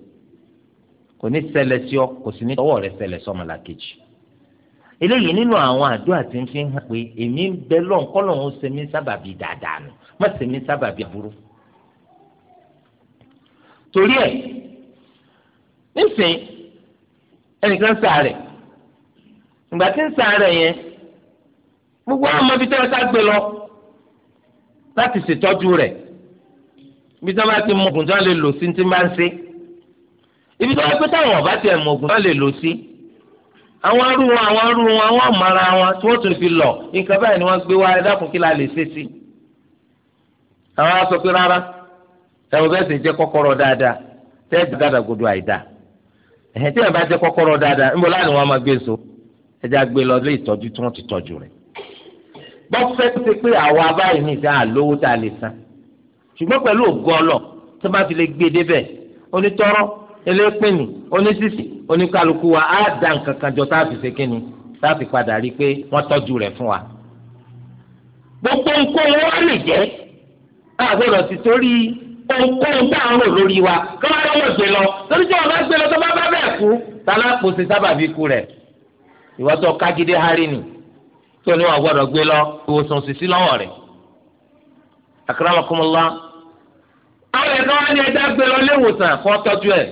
kò ní ṣẹlẹ̀ sí ọ kò sì ní tọwọ́ rẹ ṣẹlẹ̀ sọmọlá kejì eléyìí nínú àwọn àdúrà tí ń fi hàn pé èmi ń bẹ lọ́n kọ́lọ́n ó ṣe mí sábàbí dáadáa nù má ṣe mí sábàbí aburú torí ẹ nísìnyí ẹnìkan sàárẹ̀ ìgbà tí ń sàárẹ̀ yẹn gbogbo àwọn ọmọ láti ṣètọ́jú rẹ̀ ibi tí wọ́n bá ti mọ oògùn tí wọ́n lè lò sí ti máa ń ṣe ibi tí wọ́n pẹ́ táwọn ọ̀bá ti mọ oògùn tí wọ́n lè lò sí àwọn arú wọn àwọn arú fi lọ nǹkan báyìí ni wọ́n gbé wá ẹ kí la lè ṣe sí àwọn aṣọ pé rárá ẹ̀wọ̀n bẹ́ẹ̀ sì jẹ́ kọ́kọ́rọ́ dáadáa tẹ́ẹ̀dì dáadáa gbọdọ̀ àìdá ẹ̀hìn tí ẹ̀ bá jẹ́ kọ́kọ́rọ́ dáadáa ńbọ̀ láàrin wọn máa gbé so bọ́fẹ́ ṣe pé àwa báyìí ní ìsàn àlówó tá a lè san ṣùgbọ́n pẹ̀lú ògo ọlọ tó bá fi lè gbé e débẹ̀ onítọ́rọ́ elépìnì onísìsì oníkálukú wa á da nǹkan kan jọ tá a fi ṣe kínni tá a fi padà rí i pé wọ́n tọ́jú rẹ̀ fún wa. gbogbo nǹkan wọn wá lè jẹ́ àgbọ̀dọ̀ ti torí ohunkóhun tá à ń rò lórí wa kí wọ́n lọ́wọ́ gbé lọ torí tí wọ́n bá gbé lọ tó bá bá bẹ́ẹ̀ kú tá a lápò ṣe sábàbí rẹ̀ ìwọ́tọ̀ kágídé hárí ni tó ní wọn gbọ́dọ̀ gbé lọ ìwòsàn òsìsí lọ́wọ́ rẹ̀ akramakumullah àwọn ẹ̀ka wọn ni ẹja gbé lọ léwòsàn fún ọtọ́jú ẹ̀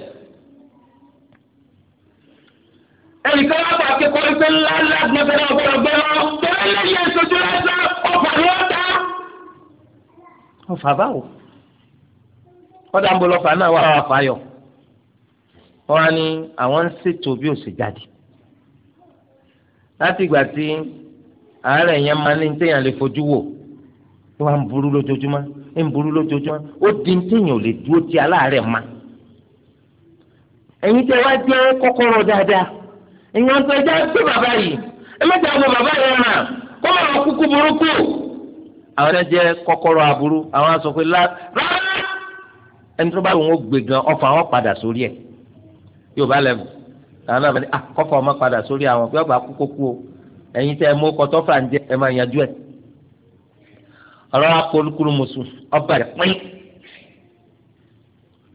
ẹnìkan wọn pàṣẹ kọ́ ẹgbẹ́ ńlá ńlá gbọ́dọ̀ gbọ́dọ̀ gbé lọ tẹ́lẹ̀ lẹ́yìn ìṣojú lásán ọ̀fà ni wọ́n ta. ọ̀fà báwo kọ́dà ń bọ̀ lọ́fà náà wà wà fàáyọ̀ wọn ni àwọn ń ṣètò bí òṣèjáde láti ìgbà tí àárẹ̀ yẹn máa ní téèyàn lè fojú wò ó wà ń burú lójoojúmọ́ ń burú lójoojúmọ́ ó di téèyàn ò lè dúró tí aláàárẹ̀ ma. ẹ̀yin tẹ́ wá jẹ́ kọ́kọ́rọ́ dáadáa ẹ̀yin wọn tẹ́ ẹ já sí bàbá yìí ẹ mẹ́ta àwọn bàbá yẹn rà kó máa kúkú burúkú. àwọn ẹ jẹ́ kọ́kọ́rọ́ aburú àwọn aṣọ pé rárá ẹni tó bá wọn gbé gan ọfọ àwọn padà sórí ẹ̀ yóò bá lẹ́bù àwọn náà bá ní ah, ẹ̀yin tẹ́ ẹ mú ọkọ̀ tọ́fà ń jẹ ẹ máa yanjú ẹ̀ ọ̀rọ̀ akólukúrú mùsùn ọba rẹ̀ pín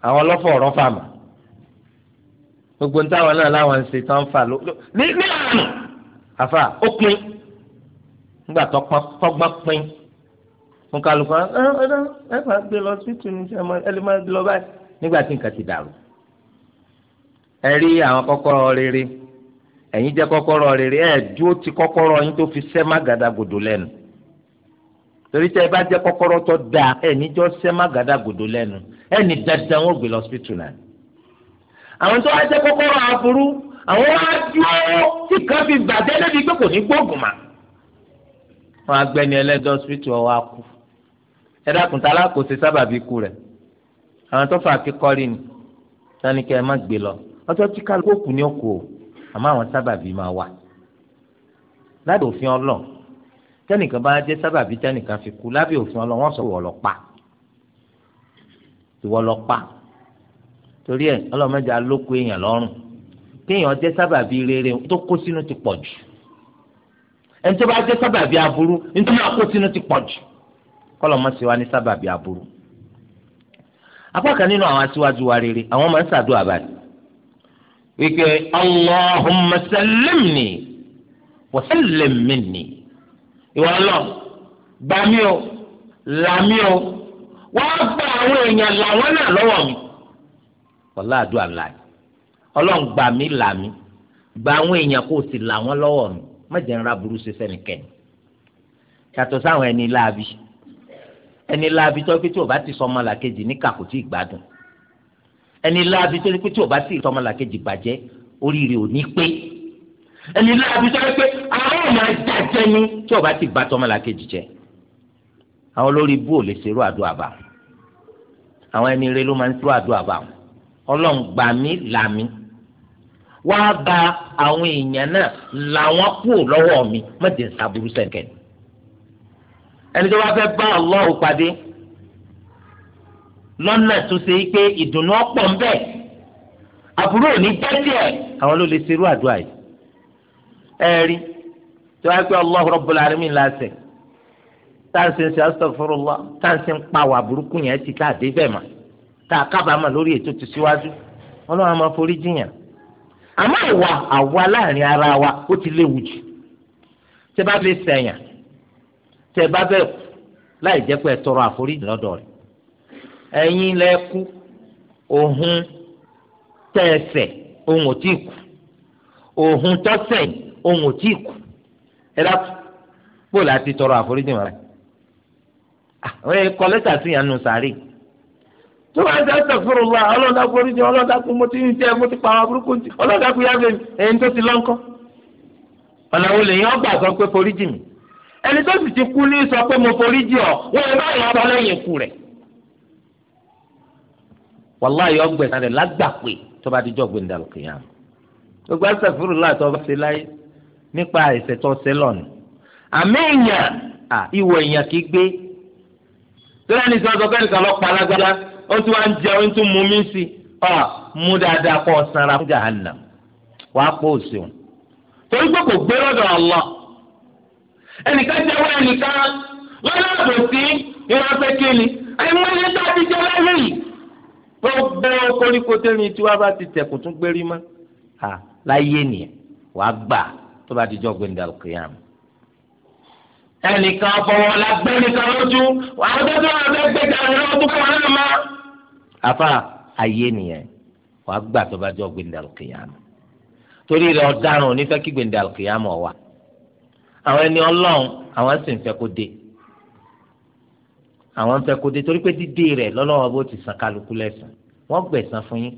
àwọn ọlọ́fọ̀ ọ̀rọ̀ fà mà gbogbo ń táwọn náà láwọn ń ṣe tán fà ló ní nílànà àfà ó pín nígbà tó pọ́gbọ́n pín fún kálukú ẹ ẹ máa gbé lọ sí tunisia ẹ lè máa gbé lọ báyìí nígbà tí nǹkan ti dàrú ẹ rí àwọn kọ́kọ́rọ́ rere ẹ̀yin jẹ́ kọ́kọ́rọ́ rere ẹ̀ dúró ti kọ́kọ́rọ́ yín tó fi sẹ́ má gàdàgodo lẹ́nu torí tẹ́ ẹ bá jẹ́ kọ́kọ́rọ́ tó dáa ẹ̀yin jọ sẹ́ má gàdàgodo lẹ́nu ẹ̀ni dandan wọ́n gbé lọ hospital náà àwọn tó wá jẹ́ kọ́kọ́rọ́ aburú àwọn wá dúró tí kan fi bàjẹ́ débi pé kò ní gbóògùn mà wọn agbẹni ẹlẹ́dọ̀ hospital ọwọ́ akú ẹ dákun tá alákòóso sábàbí ikú rẹ̀ àwọn tó fà kíkọ́rí ni sanni àmọ́ àwọn sábàbí máa wà lábẹ́ òfin ọlọ́ tẹ́nìkan bá jẹ́ sábàbí tẹ́nìkan fi kú lábẹ́ òfin ọlọ́ wọ́n sọ ìwọ lọ pa ìwọ lọ pa torí ẹ ọlọ́mọdé alóko èèyàn lọ́rùn kéèyàn jẹ́ sábàbí rere tó kó sínú ti pọ̀ jù ẹni tó bá jẹ́ sábàbí aburú ní tó máa kó sínú ti pọ̀ jù kọ́lọ́mọ sí wa ní sábàbí aburú apá kan nínú àwọn aṣíwájú wa rere àwọn máa ń ṣàdúrà báyìí wípé allahumma sallimni wa sallim minni ìwọ lọ gbà mí o là mí o wọ́n gba àwọn èèyàn làwọn náà lọ́wọ́ mi wọlé àdúrà ńlá yìí ọlọ́run gbà mí là mí gba àwọn èèyàn kò sì là wọ́n lọ́wọ́ mi mọ̀jẹ̀ burú ṣe sẹ́nikẹ́ni yàtọ̀ sáwọn ẹni láabi ẹni láabi tó pé tí o bá ti sọ ọmọ làkejì níkà kò tí ì gbádùn ẹni láabi tó ní pé tí o bá sì tọ́ ọmọlàkejì bàjẹ́ oríire ò ní pé ẹni láabi tó ní pé àwọn ọmọ ẹja jẹ ní tí o bá sì bá tọ́ ọmọlàkejì jẹ àwọn olórí bú ò lè ṣerú àdúrà bá àwọn ẹni rẹ ló máa ń ṣerú àdúrà bá ọlọ́run gbà mí là mí wá ba àwọn èèyàn náà làwọn kú lọ́wọ́ mi má jẹ́ sábúrú sẹ́kẹ̀ ẹni tó bá fẹ́ bá Allah pàdé lọ́nà tó ṣe pé ìdùnnú ọ̀pọ̀ ń bẹ̀ àbúrò ní bẹ́tẹ̀ àwọn ló lè ṣerú àdúrà yìí ẹ rí tí wọ́n á pé Allahu Rabbul Alamin láṣẹ táǹsì ń ṣe astaghfirullah táǹsì ń pa wà burúkú yẹn ti tá a dé bẹ́ẹ̀ mà tá a kábàámà lórí ètò tó síwájú ọlọ́run á máa forí jiyàn àmọ́ ìwà àwa láàrin ara wa ó ti léwu jù tẹ bá fẹ́ sẹ̀yàn tẹ bá fẹ́ láì jẹ́ pé ẹ tọrọ àforíjì lọ́dọ̀ rẹ̀ ẹ̀yin lẹ kú òhun tẹ̀sẹ̀ òhun ò tí kú òhun iku. òhun ò tí kú ẹ dákú bóòlù àti tọrọ àforíjì wọn rẹ àwọn ah, yẹn kọ sí yàn nù tó bá ń sẹ́ sẹ́fúrò wa ọlọ́dà ọlọ́dà kú mo ti ń jẹ́ mo ti pa àwọn burúkú ti ọlọ́dà kú mi tó ti lọ́ńkọ́ ọ̀nà wo mo foríjì ọ wọn ẹ bá yàn ọ wàláyé ọgbẹ sáré lágbàpè tó bá dijọ́ gbé ndàlù kìyàm gbogbo asàfihàn láti ọba ṣe láyé nípa ẹ̀ṣẹ̀ tó àmì èèyàn à ìwọ èèyàn kì í gbé ní kan ó wá ń jẹ mú mi sí ọ mú dáadáa sanra fún wàá torí pé kò gbé ẹnìkan ẹnìkan gbogbo koríko tẹ́lẹ̀ tí wàá bá ti tẹ̀kùn tún gbérí mọ́ à láyé nìyẹn wàá gbà tó bá ti jọ gbẹ̀ndà kìyàm. ẹnìkan fọwọ́ la gbẹ́ nìkan lójú wàá dọ́dọ́ àbẹ́ gbẹ̀dà lọ́wọ́ tó fọwọ́ náà mọ́. àfa ayé nìyẹn wàá gbà tó bá jọ gbẹ̀ndà kìyàm. torí rẹ ọ̀daràn onífẹ́ kí gbẹ̀ndà kìyàm ọ̀ wa. àwọn ẹni ọlọ́run àwọn sì ń fẹ́ kó dé àwọn fẹ́ kó dé torí pé dídé rẹ̀ lọ́lọ́wọ́ bó ti san kálukú lẹ́sàn wọ́n gbẹ̀san fún yín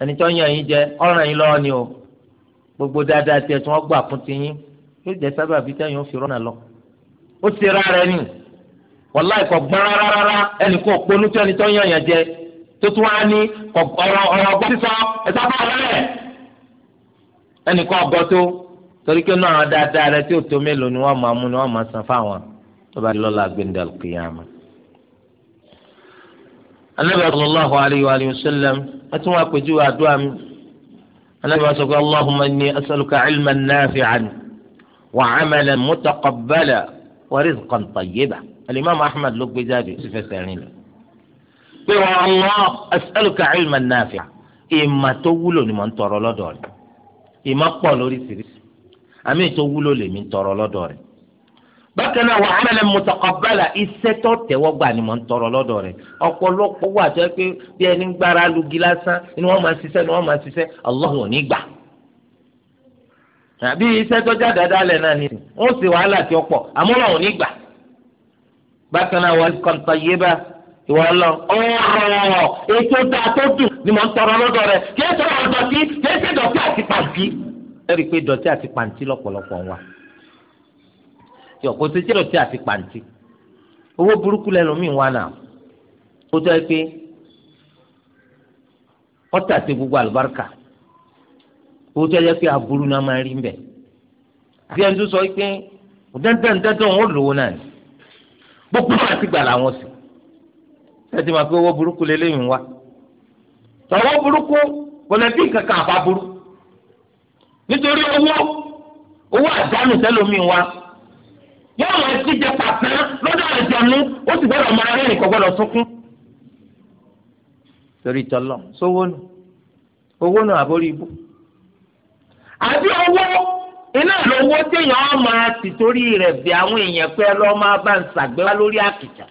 ẹni tó yàn yín jẹ ọ̀ràn yín lọ́wọ́ ni o gbogbo dáadáa tiẹ̀ tí wọ́n gbà fún ti yín yóò jẹ́ sábà bíi tẹ́yìn ó fi rọ́nà lọ. ó ti ra rẹ̀ nì wàláì kò gbọ́n rárá rárá ẹnì kò ponú tí ẹni tó yàn yàn jẹ tó tún wá ní ọ̀rọ̀ ọ̀gbọ́n sísọ ẹ̀sán bá rẹ̀ ẹnì kò ọ̀gbọ́ tó torí pé náà dáadáa rẹ tí ò tọ́ba lọ́la gbẹ̀ndà kìyàmù. anabi sallallahu alayhi wa sallam ẹ tún wá pẹ̀jú àdúrà mi anabi wa sọ pé allahumma inni asaluka ilman nafi'an wa amalan mutaqabbala wa rizqan tayyiba alimami ahmed ló gbé jáde ó sì fẹsẹ̀ rìn lọ. pé wa allah asaluka ilman nafi'an ìmọ̀ tó wúlò ni mò ń tọrọ lọ́dọ̀ rẹ̀ ìmọ̀ pọ̀ lóríṣiríṣi àmì tó wúlò lèmi ń tọrọ lọ́dọ̀ rẹ̀ bákan náà wà amalan mutaqabbala iṣẹ́ tó gbà ni mò ń tọrọ lọ́dọ̀ rẹ̀ ọ̀pọ̀lọpọ̀ wà tó pé bí ẹni gbára lugi lásán ni wọ́n máa ṣiṣẹ́ ni wọ́n máa ṣiṣẹ́ Allah ò ní gbà. àbí iṣẹ́ já dáadáa lẹ̀ náà ni ó sì wàhálà tí ó pọ̀ àmọ́ ò ní gbà. bákan náà wọ́n kàn yé bá ìwọ tí ọkọ tó jẹ́ ọ̀tí àti pàǹtí owó burúkú lẹ́lòmíì wà náà ó tọ́ ẹ pé ọ̀tà ti gbogbo àlùbáríkà owó tó yẹ pé aburú náà máa rí mbẹ àti ẹni tó sọ pé dandan dandan wọn ò lówó náà ni gbogbo náà ti gbà làwọn sí ẹ ti máa pé owó burúkú lélẹ́yìn wa tọwọ́ burúkú kọlẹ́tì kankan àbá burú nítorí owó owó àdánù sẹ́lómi wa yóò máa jíjẹ pàtán lọ́dọ̀ àjọ̀nú ó sì gbọ́dọ̀ máa rẹ́rìn kò gbọ́dọ̀ sunkún. torí tọlọ sówó nù owó nù àbórí ibú àbí owó iná lówó téèyàn máa sì torí rẹ̀ bí àwọn èèyàn pé lọ́ máa bá ń ṣàgbé wá lórí àkìjà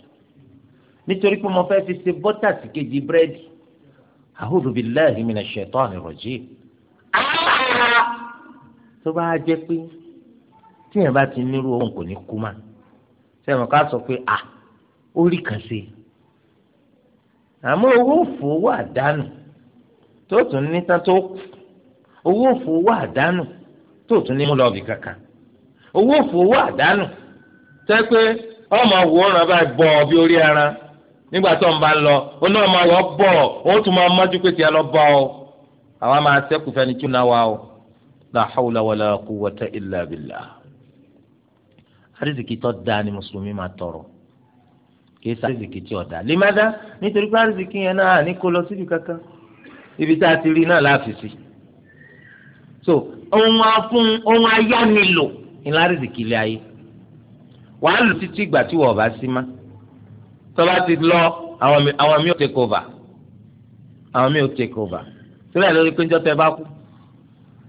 nítorí pé mo fẹ́ fi ṣe bọ́tà sí kejì búrẹ́dì a'udhu billahi minash shaitani rajim. tó bá jẹ́ pé tí yẹn bá ti nírú òun kò ní kú mà sẹ́wọ̀n ká sọ pé à ó rí kan sí i àmọ́ owó òfò owó àdánù tó tún ní tán tó kù owó òfò owó àdánù tó tún ní mú lọ kankan owó òfò owó àdánù tẹ́ pé ọmọ wò ó ràn báyìí bọ̀ bí orí ara nígbà tó ń bá lọ ó náà máa wọ́ bọ̀ ó tún máa mọ́jú pé tiẹ̀ lọ bọ̀ ọ́ àwa máa sẹ́kù fẹ́ni tún náà wá o la hawla wala quwwata illa billah arísìkì tó da ni mùsùlùmí máa tọrọ kìí sa arísìkì tí ọ̀dà lèmádá nítorí pé arísìkì yẹn náà ní kó lọ síbi kankan ibi tá a ti rí náà láàfin sí so ohun afún ohun ayánilò ní arísìkì ilé ayé wàá lò títí ìgbà tí wọ́n bá sí má tọ́ba ti lọ àwọn mi ò take over àwọn mi ò take over sílẹ̀ lórí pé ń jọ́ tẹ bá kú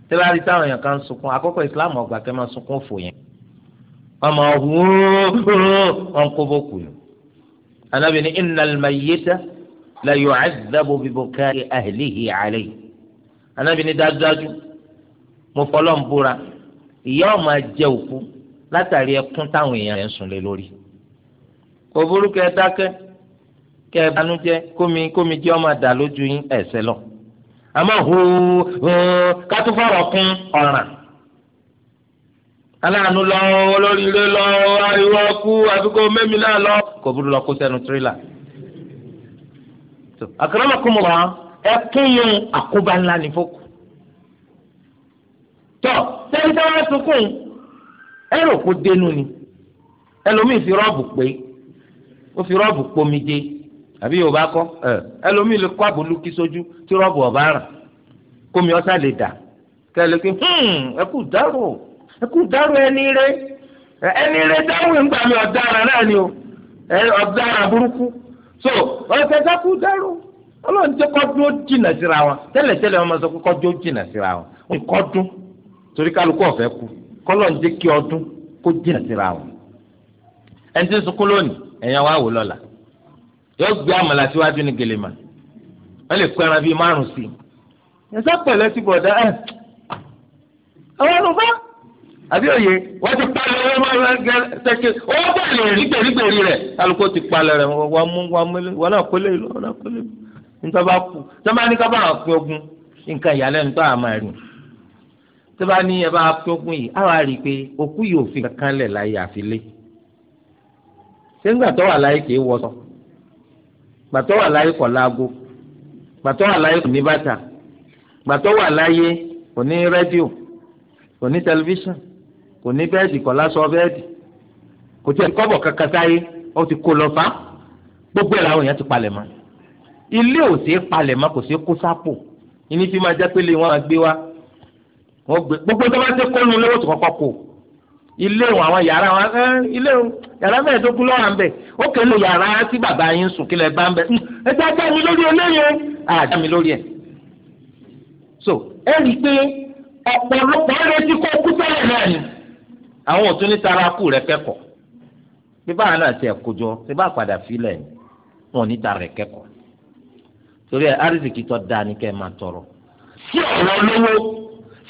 tẹ rí táwọn èèyàn kan sunkún àkọ́kọ́ ìsìláàmù ọgbà kẹ́ máa sunkún fò yẹn wọn máa hu wọn kó bókù ni anabi ni innal mayyita la yu'adhabu bi bukai ahlihi alayhi anabi ni dájúdájú mo fọlọ́ ń búra ìyá ọ̀ máa jẹ òkú látàrí ẹkún táwọn èèyàn rẹ̀ ń sùn lé lórí kò burú kẹ dákẹ́ kẹ kómi kómi jẹ́ ọmọ àdá lójú yín ẹ̀sẹ̀ lọ àmọ́ hùwù kátó fọ̀rọ̀ kún ọ̀ràn aláàánú lọ olóríire lọ ariwo ọkú àdúgbò mẹ́mi náà lọ kò burú lọ kó sẹ́nu tirẹ́là. àkàràmọ̀kùnmọ̀ ẹkún yun àkóbá ńlá ní fọ́kù. tọ́ sẹ́ni tí wọ́n sunkún ẹ rò kó dénú ni ẹlòmíì fi rọ́ọ̀bù pé ó fi rọ́ọ̀bù pomi dé àbí yorùbá kọ́ ẹlòmíì lè kó àbólúkí sójú tí rọ́ọ̀bù ọ̀bá rà kómi ọ̀sà lè dà kẹlẹ́kẹ́ hmm, ẹkú dárò ẹ kú dárò ẹni rẹ ẹni rẹ dáhùn ìgbà mi ọ̀daràn náà ni o ọ̀daràn burúkú so ọ̀sẹ̀ ká kú dárò ọlọ́run tẹ kọ́dún ó jìnà síra wọn tẹ́lẹ̀tẹ́lẹ̀ wọn máa sọ pé kọ́dún ó jìnà síra wọn wọn kọ́dún torí kálukú ọ̀fẹ́ kú kọ́lọ́run jẹ́ kí ọdún kó jìnà síra wọn ẹni tí ń sunkún lónìí ẹ̀yàn wa wò lọ́la yóò gbé àmàlà síwájú ní gèlèmà wọ́n lè kó ẹran bíi márùn sí i ẹ̀sán pẹ̀lẹ́ ti bọ̀dá ẹ̀ àwọn ọ̀nùbá àbí òye wọ́n ti palẹ̀ rẹ̀ wọ́n máa gẹ tẹ́kẹ́ owó bá lè rí gbèrígbèrí rẹ̀ kálukó ti palẹ̀ rẹ̀ wọ́n mú wọn náà kólé lọ wọn náà kólé nítorí bá kú tọ́ba ní ká bá wọn pín ogun nǹkan ìyàlẹ́nu tó àmà rìn tọ́ba ní ẹ bá pín ogun yìí àwa rí i pé òkú yìí òfin kankan lẹ̀ láyé àfilé ṣé ńgbà tó wà láyé kì wọ́sọ gbà wà láyé kọ̀ láago gbà wà láyé kò ní bàtà kò ní bẹ́ẹ̀dì kọ́ lásán bẹ́ẹ̀dì kò tiẹ̀ kọ́bọ̀ kankan sáyé ó ti kó lọ fa gbogbo ẹ̀ làwọn èèyàn ti palẹ̀ mọ́ ilé ò sí palẹ̀ mọ́ kò sí kó sápò ìní fi máa jẹ́ pé lè wọ́n máa gbé wa wọ́n gbé gbogbo tó bá ti kó nu lówó tó kọ́kọ́ kó ilé wọn àwọn yàrá wọn ẹ ilé wọn yàrá mẹ́ẹ̀ẹ́dógún lọ́wọ́ à ń bẹ̀ ó kè lè yàrá tí bàbá yín sùn kí lè bá ń bẹ̀ ẹ jẹ́ ajá mi lórí eléyìí ajá mi lórí ẹ̀ so ẹ rí i pé ọ̀pọ̀lọpọ̀ ẹ̀ retí kó kú sẹ́yìn náà ni àwọn ò tún ní taraku rẹ kẹ́kọ̀ọ́ bí báyìí náà ti ẹ̀kọ́jọ ṣe bá ni wọn ò ní tara rẹ kẹ́kọ̀ọ́ torí ẹ arísìkì tó dáa ní kẹ́ ẹ máa tọrọ. sí ọ̀rọ̀ lówó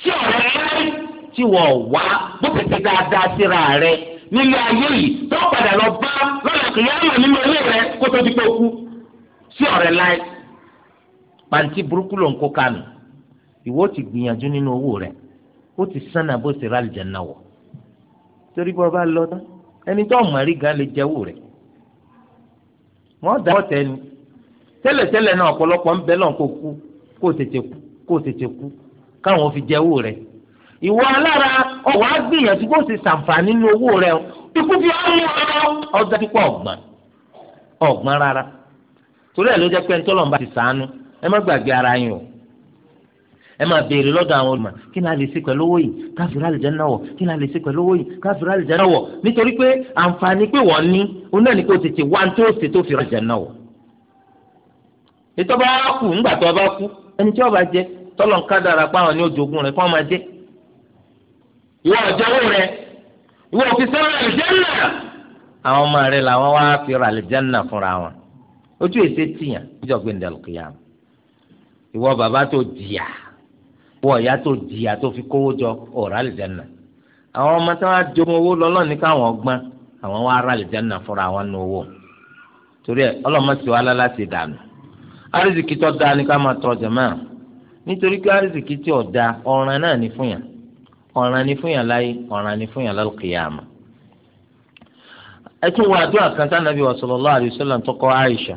sí ọ̀rọ̀ lẹ́yìn tí wọ́n wá bókèké dáadáa síra rẹ nílé ayé yìí tó padà lọ bá lọ́la kìyàmọ̀ nínú ilé rẹ kó tó di kú sí ọ̀rẹ́ láì. pàǹtí burúkú ló ń kó kánú ìwọ ti gbìyànjú nínú owó rẹ ó ti sànà bó ṣe rálì jẹ náà wọ̀ torí bọ́ bá lọ tán ẹni tó mọ̀ rí gan lè jẹ́wọ́ rẹ̀ wọ́n dá ọ̀tẹ̀ ni tẹ́lẹ̀tẹ́lẹ̀ náà ọ̀pọ̀lọpọ̀ ń bẹ lọ́n kó kú kó tètè kú kó tètè kú káwọn fi jẹ́wọ́ rẹ̀ ìwọ alára ọwọ́ á gbìyànjú kó sì ṣàǹfààní nínú owó rẹ̀ ikú fi ọ̀rọ̀ ọ̀dà pípọ̀ ọ̀gbọ́n ọ̀gbọ́n rárá torí ẹ̀ ló jẹ́ pé ntọ́lọ́mbà ti sànú ẹ má gbàgbé ara yín o ẹ máa béèrè lọ́dọ̀ àwọn olùmọ̀ kí ni a lè ṣe pẹ̀lú owó yìí káfíńrà lè jẹ́ náwọ̀ kí ni a lè ṣe pẹ̀lú owó yìí káfíńrà lè jẹ́ náwọ̀ nítorí pé àǹfààní pé wọ́n ní oní ẹni kò tètè wá tó ṣe tó fi ràjẹ̀ náwọ̀. ètò ọba wa kú ńgbà tó ọba kú ẹni tí ọba jẹ tọ́lọ̀ ń kádàrà pa àwọn ní ojoogun rẹ̀ kọ́ ọmọ rẹ ìwọ bàbá tó jìyà wọ ọya tó jìyà tó fi kówó jọ ọ̀rọ̀ àlìjáná àwọn ọmọ tí wọ́n owó lọ́lọ́ ní káwọn gbọ́n àwọn wá ara àlìjáná fúnra wọn ní owó torí ẹ ọlọ́mọ sì wá lálá ti dànù àrísìkí tó da ni ká máa tọrọ jẹ̀mọ́ nítorí pé tí ọ̀ràn náà ní fún yàn ọ̀ràn ní fún yàn láyé ọ̀ràn ní fún yàn àdúrà kan alayhi wa Aisha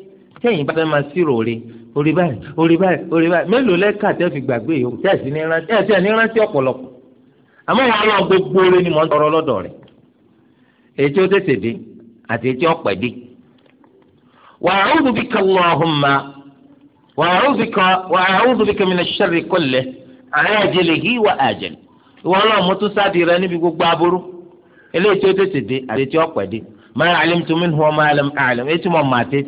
tẹ́yìn bá fẹ́ máa sírò rí orí báyìí orí báyìí orí báyìí mélòó lẹ́ka tẹ́ fi gbàgbé yòókù tẹ́ sí ní rántí ẹ̀ tẹ́ ní rántí ọ̀pọ̀lọpọ̀ àmọ́ wọn lọ gbogbo ni mò ń tọrọ lọ́dọ̀ rẹ̀ ètí ó tètè dé àti ètí ọ̀pẹ̀ dé. tí ó tètè dé àti ọ̀pẹ̀ dé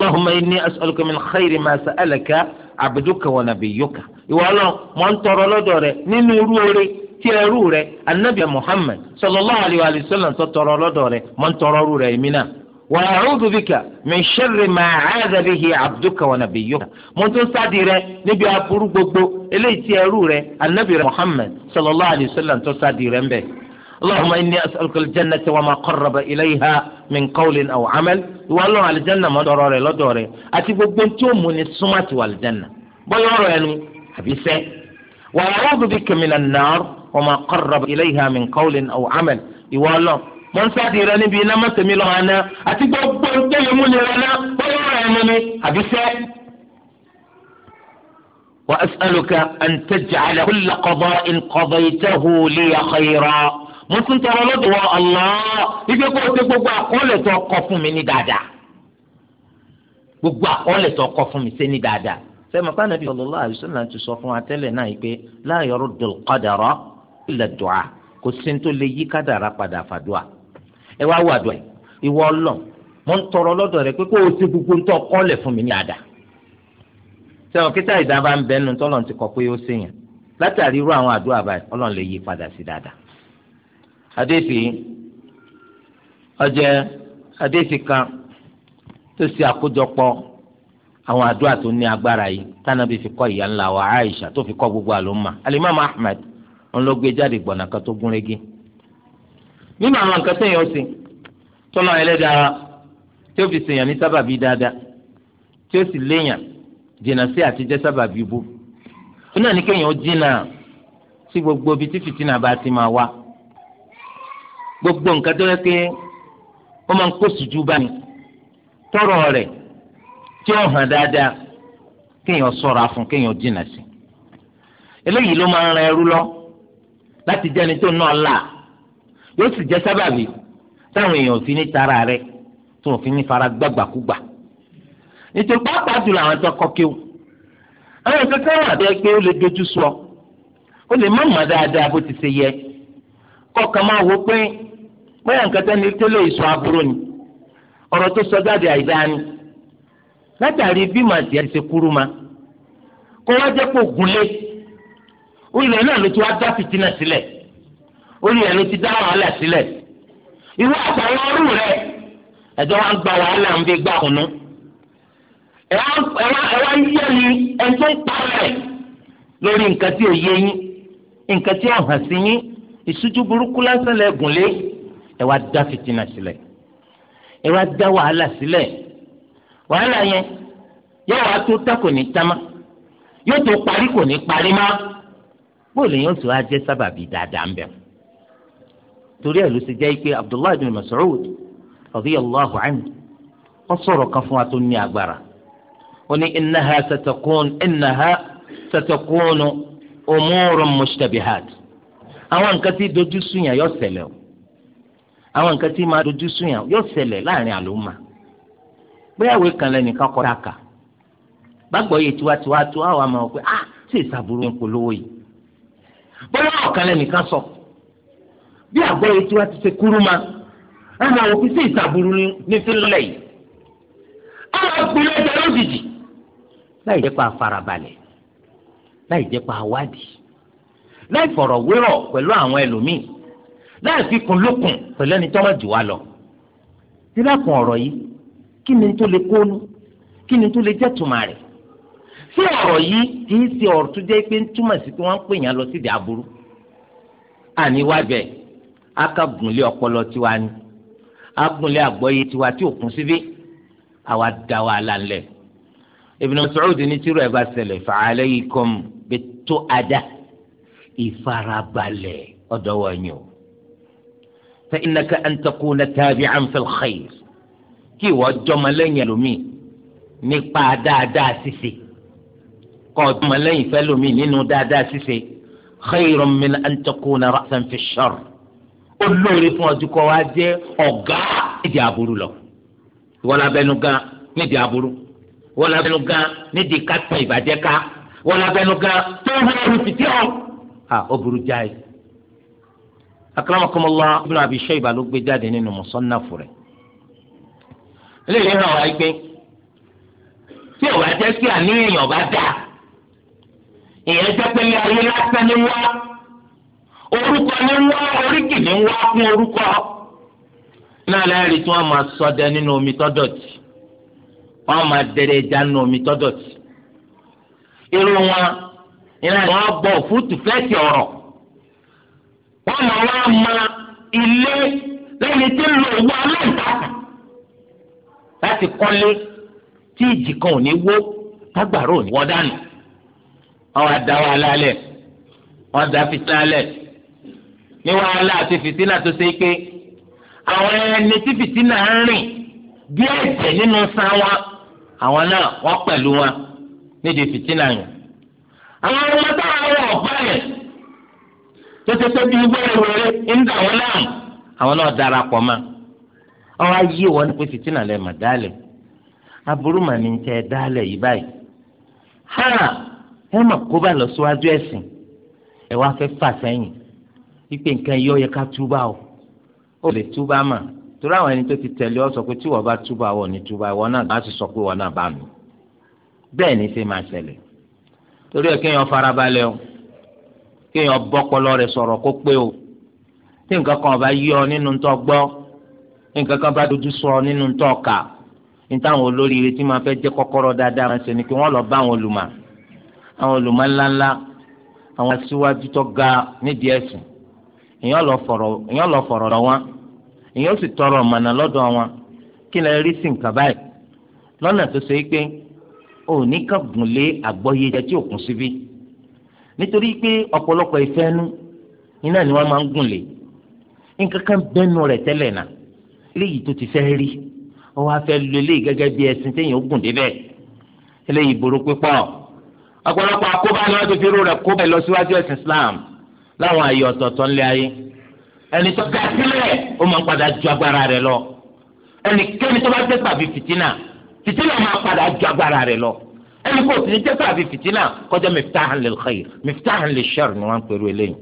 اللهم إني أسألك من خير ما سألك عبدك ونبيك يقول من ترى لدره ننوري تيروري النبي محمد صلى الله عليه وآله وسلم ترى لدره من ترى روري منا وأعوذ بك من شر ما عاذ به عبدك ونبيك من تصدر نبي أبو ربك إليه تيروري النبي محمد صلى الله عليه وسلم تصدر به اللهم إني أسألك الجنة وما قرب إليها من قول أو عمل والله على الجنة ما دوري لا دوري أتبقى بنتهم من السمات والجنة بيورو يعني حبيسة وأعوذ بك من النار وما قرب إليها من قول أو عمل يوالا من سادي راني بينا ما تميل أنا أتبقى بنتهم من رانا بيورو يعني حبيسة وأسألك أن تجعل كل قضاء قضيته لي خيرا mo tún tọrọ lọ́dọ̀ wọ Allah ibi kó o gbogbo àkọọ́lẹ̀ tó kọ fún mi ní dáadáa gbogbo àkọọ́lẹ̀ tó kọ fún mi ṣe ní dáadáa sẹ́mi pa fún wa tẹ́lẹ̀ náà yìí pé la kò sí ní tó lè yí padà tọrọ rẹ pé kó o gbogbo àdéhìí ọjẹ àdéhìí kan tó ṣe àkójọpọ̀ àwọn àdúrà tó ní agbára yìí tánàbí fi kọ́ ìyá ńlá wa Aisha tó fi kọ́ gbogbo àlùmọ́ alimami Ahmed ńlọgbẹ jáde gbọ̀nà kan tó gúnrégé nínú àwọn nǹkan tó yẹ ó sìn tọ́lá ẹlẹ́dàá tí ó fi sèyàn ní sábàbí dáadáa tí ó sì léyàn jìnnà sí àtijọ́ sábàbí bú ó náà ní kéèyàn ó jìnnà sí gbogbo ibi tí fìtínà bá ti máa wá gbogbo nǹkan tó yẹ pé ó máa ń kó sùjú bá mi tọrọ rẹ̀ tí ó hàn dáadáa kéèyàn ṣọ́ra fún kéèyàn jìnnà sí eléyìí ló máa ń ran ẹrú lọ láti jẹ́ ẹni tó ná ọ̀la yóò sì jẹ́ sábàbí táwọn èèyàn fi ní tara rẹ̀ tó wọn fi ní fara gbàgbàkúgbà nítorí pàápàá jùlọ àwọn tó kọ́ kéwù àwọn kankan wà bẹ́ẹ̀ pé ó lè dojú sọ ó lè má mọ̀ dáadáa bó ti ṣe yẹ kọkàn máa wò pé bóyá nǹkan tẹ́ni tẹ́lẹ̀ ìsọ aburú ni ọrọ tó sọ jáde àìdáa ni látàrí bí màdìyà ma kó wá jẹ́ pé ògúnlé orílẹ̀ náà ló ti wá dá fìtínà sílẹ̀ orílẹ̀ ló ti dá wàhálà sílẹ̀ ìwọ àtàwọn ọrùn rẹ ẹ̀jọ̀ wa ń gba wàhálà ń bí gbà ni ń lórí ìṣújú burúkú lásán lẹ lé ẹ wá dá fìtínà sílẹ̀ ẹ wá dá wàhálà sílẹ̀ wàhálà yẹn yóò wá tó tá kò ní tamá yóò tó parí kò ní parí má bóòlù yóò tó sábàbí dáadáa ń torí ẹ̀ ló ṣe jẹ́ Abdullahi bin Mas'ud anhu wọ́n sọ̀rọ̀ kan fún wa tó ní agbára ní àwọn nǹkan tí dojú sùnyàn yọ ṣẹlẹ̀ o àwọn nǹkan tí máa dojú sùnyàn yọ ṣẹlẹ̀ láàrin àlòmà bóyá ìwé kan lẹ́nìkan kọ́ra kà yìí tiwantiwa tó àwọn àmọ́ pé ah ṣe ìsàbùrù ń polówó yìí bóyá ọ̀kan lẹ́nìkan sọ bí àgbọ̀ yìí tiwa ti ṣe kúrú ma àmọ́ àwọn òfin ṣe ìsàbùrù ní fílẹ̀ yìí àwọn ìpínlẹ̀ ẹ̀jẹ̀ lójijì láì jẹ́ pa farabalẹ̀ láì jẹ́ pa awádìí láì fọ̀rọ̀ wérọ̀ pẹ̀lú àwọn ẹlòmíì láì fi kún lókun pẹ̀lú ẹni tó wọ́n jù wá lọ. dídákun ọ̀rọ̀ yìí kí ni tó lè kónú kí ni tó lè jẹ́ tùmà rẹ̀ sí ọ̀rọ̀ yìí kì í ṣe ọ̀rọ̀ tó jẹ́ pé ń túmọ̀ sí pé wọ́n ń pè yàn lọ sídìí aburú. àníwájẹ akágunlé ọpọlọ tiwa ni agunlé àgbọ́yé tiwa tí òkun síbí àwa da wa lálẹ́ Ibn Mas'ud ní tírú ẹ̀ bá ṣẹlẹ̀ fa'alaykum bit-tu'ada ìfarabalẹ̀ ọ̀dọ̀ wa yẹn o. fa innaka an takuna tabi'an fil khair kí ìwọ jọmọlẹ́yìn ẹlòmíì nípa dáadáa ṣíṣe kọ́ jọmọlẹ́yìn fẹ́lòmíì nínú dáadáa ṣíṣe khairun min an takuna ra'san fi sharr ó lóore fún ọdún kọ́ wa jẹ́ ọ̀gá nídìí aburú lọ ìwọ labẹnu gan nídìí aburú ìwọ labẹnu gan nídìí kátà ìbàjẹ́ ká ìwọ labẹnu gan tó ń wọ́n fi tí ọ́. à oburu burú jáì akramakumullah ibn abi shayba ló gbé jáde nínú musannaf rẹ̀ eléyìí hàn wáyé pé tí ò bá jẹ́ kí àníyàn ọba dà ìyẹn jẹ́ pé ní ayé lásán ní wá orúkọ ní wá oríkì ní wá fún orúkọ náà tí máa nínú omi ìlànà wọn ọgbọ òfúrutù fẹ́ẹ̀tì ọ̀rọ̀ wọn mọ wọn mọ ilé lẹ́ni tí ń lo owó aláǹtakùn láti kọ́lé tí ìjì kan ò ní wó tágbàrò ní wọ́n dànù wọn wá da wàhálà lẹ wọn da fìtínà lẹ ní wàhálà àti tó ṣe pé àwọn ẹni tí ń rìn ẹ̀jẹ̀ nínú àwọn náà wọ́n pẹ̀lú wọn yẹn àwọn ọmọ táwọn ọmọ ọ̀pá ẹ̀. tó ti pé bí wẹ́rẹ́wẹ́rẹ́ ń dà wọ́n náà àwọn náà darapọ̀ mọ́ ọwọ́ ayé wọn pé fìtínà lẹ́ mà dálẹ̀ aburú mà ní tẹ́ dálẹ̀ yìí báyìí ha ẹ mà kó bá lọ síwájú ẹ̀sìn ẹ wá fẹ́ fà sẹ́yìn wípé nǹkan yẹ ká túbà o ó lè túbà mà torí àwọn ẹni tó ti tẹ̀lé ọ sọ pé tí wọ́n bá túbà wọ̀ ní túbà wọn náà sọ pé wọn náà bá mi bẹ́ẹ̀ ni ṣe máa torí ẹ kéèyàn farabalẹ̀ o kéèyàn bọ́pọlọ rẹ̀ sọ̀rọ̀ kó pé o tí nǹkan kan bá ọ nínú tó gbọ́ nǹkan kan bá dojú sọ nínú tó kà ní táwọn olóríire tí máa fẹ́ jẹ́ kọ́kọ́rọ́ dáadáa máa ṣe ni kí wọ́n lọ bá àwọn olùmọ̀ àwọn olùmọ̀ ńláńlá àwọn aṣíwájú tó ga nídìí ẹ̀sìn èèyàn lọ fọ̀rọ̀ lọ wọn èèyàn sì tọrọ ọ̀mọ̀nà lọ́dọ̀ wọn kí rí sí nǹkan báyìí lọ́nà tó ṣe é òní kàgùn lé àgbọ́yé jẹ tí òkun síbí nítorí pé ọ̀pọ̀lọpọ̀ iná ni wọ́n máa ń gùn lé nǹkan kan bẹ́nu rẹ̀ tẹ́lẹ̀ náà ti fẹ́ rí wọ́n wá fẹ́ lu eléyìí gẹ́gẹ́ bí ẹṣin téèyàn ó gùn débẹ̀ eléyìí burú pípọ̀ ọ̀pọ̀lọpọ̀ àkóbá ni wọ́n ti fi irú rẹ̀ kó bẹ̀ lọ síwájú Islam láwọn àyè ọ̀tọ̀ọ̀tọ̀ ńlẹ̀ ayé ẹni tó ga sílẹ̀ ó máa ń padà ju agbára rẹ̀ lọ ẹnikẹ́ni tó bá tẹ́ pàbí fìtínà fìtínà máa padà ju agbára rẹ̀ lọ ẹni kò sì ní jẹ́ sáàbì fìtínà kọjá miftahan lil khair miftahan lil shar ni wọ́n ń pẹ̀lú eléyìí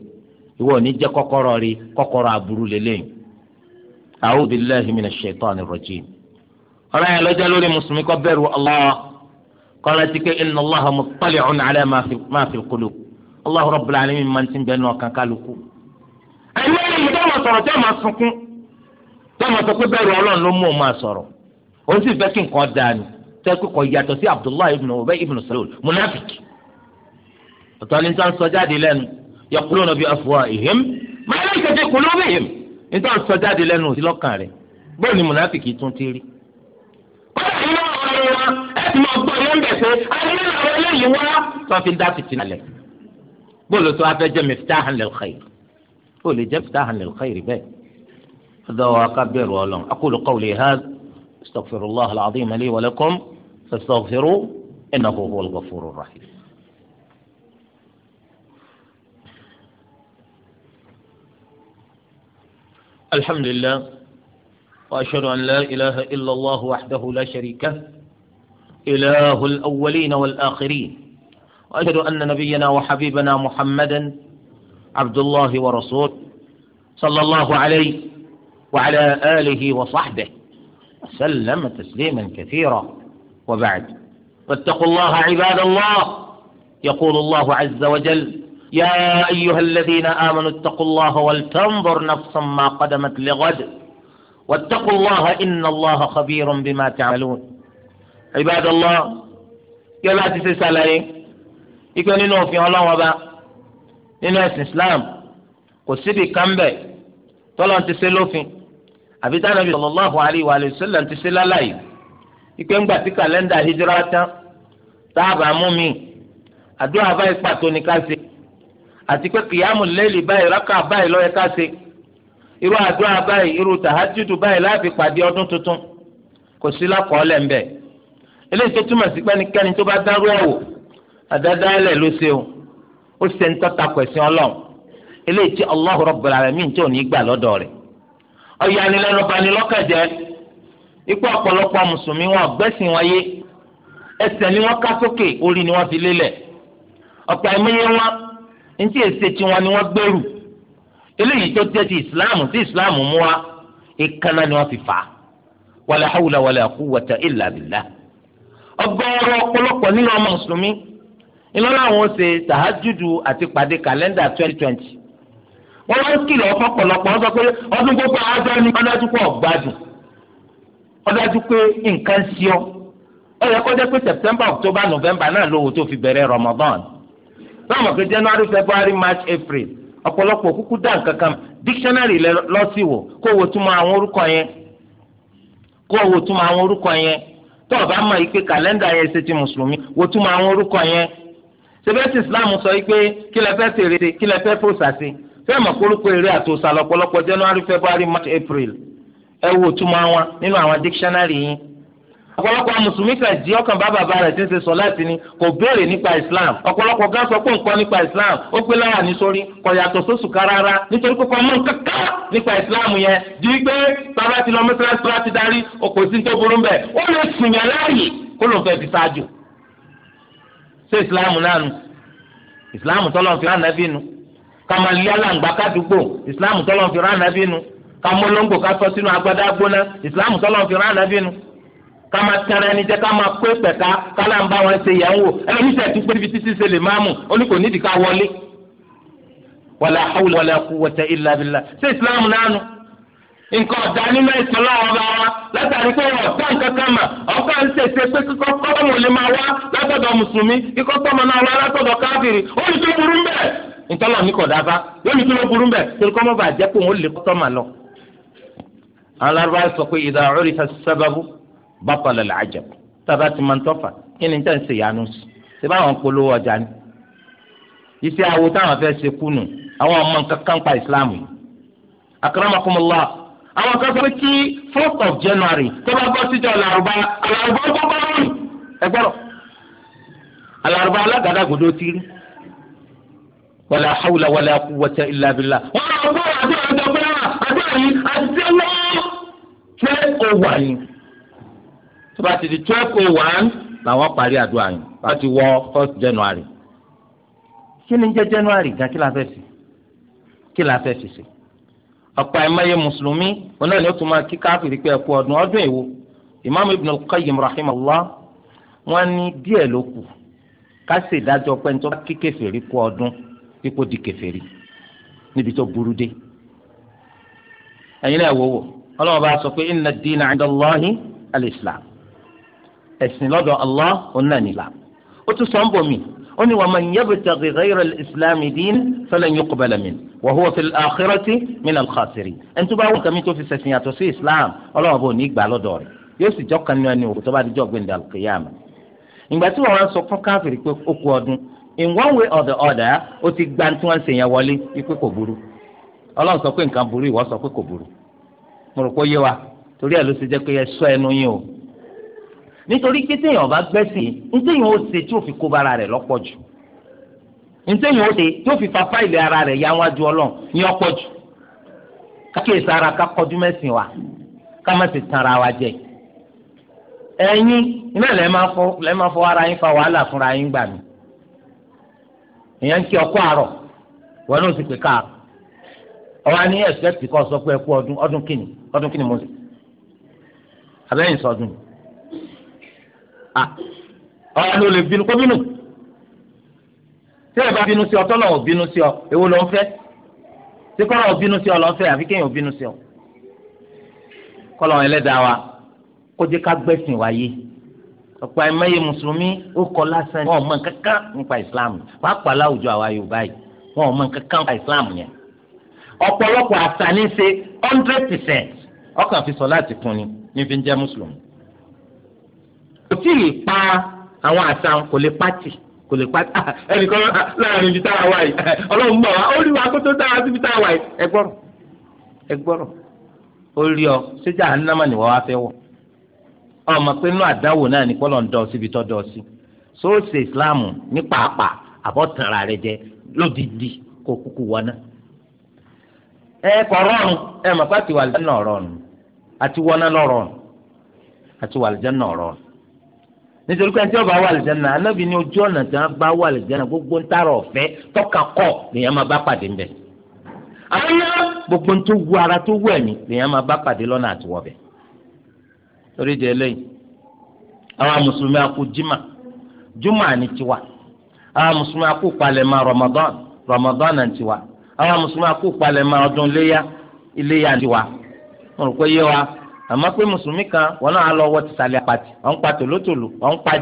ìwọ ní jẹ́ kọ́kọ́rọ́ rí kọ́kọ́rọ́ aburú leléyìí a'udhu billahi minash shaitani rajim ọ̀rọ̀ yẹn lọ́jọ́ lórí mùsùlùmí kó bẹ̀rù Allah kọ́lá ti ké inna Allaha muttali'un ala ma fil qulub Allahu rabbil alamin máa ti bẹ̀rù ọkàn kálukú. ẹ̀yin lẹ́yìn ìdáwọ̀ sọ̀rọ̀ tẹ́ máa sunkún tẹ́ máa sọ pé bẹ́ẹ̀ rọ ló mú un máa sọ̀rọ̀ ó sì fẹ́ kí nǹkan dáa ni tẹ́kù kọ yàtọ̀ sí abdullahi ibn ubay ibn salul munafiki ọ̀tọ̀ ni nítorí sọ jáde lẹ́nu yaquluna bi afwahihim ma laysa fi qulubihim nítorí sọ jáde lẹ́nu sí lọ́kàn rẹ̀ bóyá ni munafiki tún ti rí. kọ́lá yìí náà wà lórí wa ẹ ti máa gbọ́ yẹn bẹ̀ pé ayé àwọn eléyìí wá. tó bóòlù tó a fẹ́ jẹ́ miftahan lil khair bóòlù jẹ́ miftahan lil khair bẹ́ẹ̀. ọ̀dọ́ wa ká bẹ̀rù Ọlọ́run aqulu qawli hadha استغفر الله العظيم لي ولكم فاستغفروا إنه هو الغفور الرحيم الحمد لله وأشهد أن لا إله إلا الله وحده لا شريك له إله الأولين والآخرين وأشهد أن نبينا وحبيبنا محمدا عبد الله ورسوله صلى الله عليه وعلى آله وصحبه وسلم تسليما كثيرا وبعد فاتقوا الله عباد الله يقول الله عز وجل يا أيها الذين آمنوا اتقوا الله ولتنظر نفسا ما قدمت لغد واتقوا الله إن الله خبير بما تعملون عباد الله يا لا أي يكون إنه في الله وبا إنه إسلام قصدي كم بي طلعت سلوفين àbí tánàbí sallallahu alayhi wa sallam ti ṣe láláyé ìpè ńgbà tí kàlẹ́ndà hijira tán táàbà mú mi àdúrà báyìí pàtó ni ká ṣe àti pé kìyàmù lẹ́lì báyìí rákà báyìí lọ́yẹ ká ṣe irú àdúrà báyìí irú tàhájúdù báyìí láti pàdé ọdún tuntun kò sí lákọọ́lẹ̀ ńbẹ eléyìí tó túmọ̀ sí pẹ́nikẹ́ni tó bá dárú ẹ̀ wò àdádáálẹ̀ ló ṣe o ó ṣe ń tọ́ta kwẹ̀sìn ọlọ́run eléyìí tí Allahu Rabbul ọ̀yanilẹ́nu banilọ́kànjẹ́ ipò ọ̀pọ̀lọpọ̀ mùsùlùmí wọn gbẹ́sìn wọn yé ẹsẹ̀ ni wọ́n ká sókè orí ni wọ́n fi lélẹ̀ ọ̀pọ̀ ẹ̀mẹ́yẹ wọn ntí èsè tí wọn ni wọ́n gbèrú eléyìí tó jẹ́ ti ìsìláàmù tí ìsìláàmù mú wa ìkànnà ni wọ́n fi fà á wala hawla wala quwwata illa billah ọgọ́rọ̀ ọ̀pọ̀lọpọ̀ nínú ọmọ mùsùlùmí ìlọ́lá àwọn ṣe tàhájúdù àti pàdé kàlẹ́ndà twenty twenty wọ́n wá ń kìlọ̀ ọ̀pọ̀lọpọ̀ wọ́n sọ pé ọdún gbogbo àwọn ọjọ́ ni ọdájú pé ọ̀gbádùn ọdájú pé nǹkan ń ṣíọ́ ó yẹ kó jẹ́ pé september october november náà lówó tó fi bẹ̀rẹ̀ ramadan báwo pé january february march april ọ̀pọ̀lọpọ̀ kúkú dá nǹkan kan dictionary lọ́sí wò kó wo túmọ̀ àwọn orúkọ yẹn kó wo túmọ̀ àwọn orúkọ yẹn tó o bá mọ̀ yìí pé kàlẹ́ndà yẹn ṣe ti mùsùlùmí wo túmọ̀ àwọn orúkọ yẹn ṣe bẹ́ẹ̀ tí islam sọ yìí pé kí lẹ fẹ́ fèrè kí lẹ fẹ́ fòṣà sí i fẹ́ẹ̀ mọ̀ kórókó eré àtòsà lọ́pọ̀lọpọ̀ january february march april ẹ wo túmọ̀ wọn nínú àwọn dictionary yín ọ̀pọ̀lọpọ̀ mùsùlùmí kan ọkàn bá bàbá rẹ̀ ti ń ṣe sọ láti ni kò béèrè nípa islam ọ̀pọ̀lọpọ̀ gán sọ pé nǹkan nípa islam ó pé láwà ní sórí kò yàtọ̀ sóṣù islam yẹn di pé bàbá ti lọ mẹ́sàlásì láti darí òkò kama lé alàǹgbá kádùgbò ìsìláàmù tọ́lọ́ fi rán ànábì nu kama olóńgbò ká sọ sínú agbada gbóná ìsìláàmù tọ́lọ́ fi rán ànábì nu kama tẹ̀rẹ̀ ẹni jẹ́ kama pé pẹ̀ka kálá ń bá wọn ṣe yẹn wò ẹni tẹ̀ tún pé ibi títí ṣe lè máa mú oníkò nídìí ká wọlé. wàlá hawla wàlá quwwata illa billah ṣé ìsìláàmù nánu nǹkan ọ̀dà nínú ìsìn lọ́wọ́ bá wa látàrí pé ọ̀tá nǹkan kan mà ọ̀ká ń ṣèṣe pé kíkọ́ kọ́mọ lè máa wá látọ̀dọ̀ mùsùlùmí kíkọ́ kọ́mọ náà wá látọ̀dọ̀ káfìrí ó burú bẹ́ẹ̀ ntọ́lọ̀ ní kò dáfa lónìí kí ló burú bẹ́ẹ̀ torí kọ́mọ́ bàa jẹ́ pé òun lè kọ́tọ́ mà lọ. àwọn Lárúbáwá sọ pé ìdá ọ̀rẹ́ ìfẹ́ sábàbù bàtàlẹ̀ làájẹ̀ tábà ti máa ń tọ́fà kí ni tẹ̀ ń ṣe ìyanu sí ṣé báwọn polówó ọjà ni. iṣẹ́ awo táwọn fẹ́ ṣe kú àwọn ọmọ nǹkan kan pa Islam yìí. akramakumullah àwọn kan sọ pé kí fourth of January tó bá bọ́ síjọ́ Lárúbá Lárúbá wàlà hawla wàlà quwwata illa billah. wọ́n máa bọ́ àti àdàgbà àdàyí àdéhùn twelve oh one. tó bá ti di twelve oh one làwọn parí àdúrà yìí láti wọ first january. kí ni jẹ́ january gan kí la fẹ́ fi kí la fẹ́ fi ṣe ọ̀pọ̀ ẹ̀mẹ́yẹ mùsùlùmí onáà ni ó tún máa kí káfíìrì pé ẹ̀kú ọdún ọdún èwo imam ibn al-qayyim rahimahullah wọ́n ní díẹ̀ ló kù ká ṣèdájọ́ pé nítorí kékeré kú ọdún pípò di kèfèrí níbi tó burú dé ẹ̀yin náà wò wò ọlọ́run bá sọ pé inna ad-dina 'inda Allahi al-Islam ẹ̀sìn lọ́dọ̀ Allah òun náà nìlà ó tún sọ ń bọ̀ mí ó ní wa man yabtaghi ghayra al-Islam dinan falan yuqbala min wa huwa fil akhirati min al-khasirin ẹni tó bá wọ́n kàmí tó fi ṣẹ̀sìn yàtọ̀ sí Islam ọlọ́run bò ní ní in one way or the other o ti gba tí wọ́n ṣe yẹn wọlé wípé kò burú ọlọ́run sọ pé nǹkan burú ìwọ sọ pé kò burú mo rò pé ó yé torí ẹ̀ ló ṣe pé ẹ sọ ẹnu yín o nítorí pé téèyàn bá gbẹ́sìn ntéèyàn ó ṣe tí ó fi kó bara rẹ̀ lọ́pọ̀ jù ntéèyàn ó ṣe tí ó fi ara rẹ̀ yá ọlọ́run ní ọ̀pọ̀ jù sara ìyẹn ń kí ọkọ àárọ̀ wọn náà sì pé káàrọ̀ ọwọ́ á ní ẹ̀sẹ̀tì kọ́ sọ pé ẹ kú ọdún ọdún kìíní ọdún kìíní mo sì abẹ́yìn sọdún ni ọ̀rọ̀ ló lè bínú kó bínú tí ẹ bá bínú sí ọ tọ́lọ̀ ò bínú sí ọ èwo ló ń fẹ́ tí kọ́lọ̀ ò bínú sí ọ lọ́n fẹ́ àfi kéèyàn ò bínú sí ọ kọ́lọ̀ ẹlẹ́dàá wa kó jẹ́ ká gbẹ́sìn wáyé ọ̀pọ̀ àìmọye mùsùlùmí ó kọ lásán wọn ò mọ kankan nípa ìsìláàmù pàápàá láwùjọ àwa yorùbá yìí wọn ò mọ kankan nípa ìsìláàmù yẹn ọ̀pọ̀lọpọ̀ àṣàní ṣe hundred percent ọkàn fi sọ láti kún ni ní fi ń jẹ́ mùsùlùmí. kò tí ì pa àwọn àṣà kò lè pàtì kò lè pàtì ah, ẹnìkan láàrin ibi tá a wà yìí ọlọ́run mọ̀ wá ó rí wa kó tó dára síbi tá a wà yìí ẹ gbọ́rọ̀ ẹ gbọ́rọ̀ ó rí ọ ọmọ pé inú àdáwò náà ní kọ́lọ̀ ń dọ̀ síbi tó dọ̀ sí sóòsì ìsìláàmù ní pàápàá àbọ̀tànra rẹ jẹ lódìdí kó kúkú wọná. ẹ kọ rọrùn ẹ mọ̀ pé àti wàlìjẹ́ náà rọrùn àti wọná lọ rọrùn àti wàlìjẹ́ náà rọrùn. nítorí pé ẹni tí wọ́n bá wàlìjẹ́ náà anábì ní ojú ọ̀nà tí wọ́n bá wàlìjẹ́ náà gbogbo ń tààrọ̀ ọ̀fẹ́ tọ́ka kọ̀ lèèyàn máa bá pàdé ńbẹ̀. àmọ́ gbogbo ń tó wu ara tó wù ẹ̀mí lèèyàn máa bá pàdé lọ́nà àtiwọ́bẹ̀ torí di eléyìí àwọn mùsùlùmí akú jimá jumá ni tiwa àwọn mùsùlùmí akú ramadan ramadan náà tiwa àwọn mùsùlùmí akú palẹ̀mọ́ ọdún iléyà iléyà tiwa wọn rò pé yé wa àmọ́ kan wọn náà lọ wọn pa tòlótòló wọn pa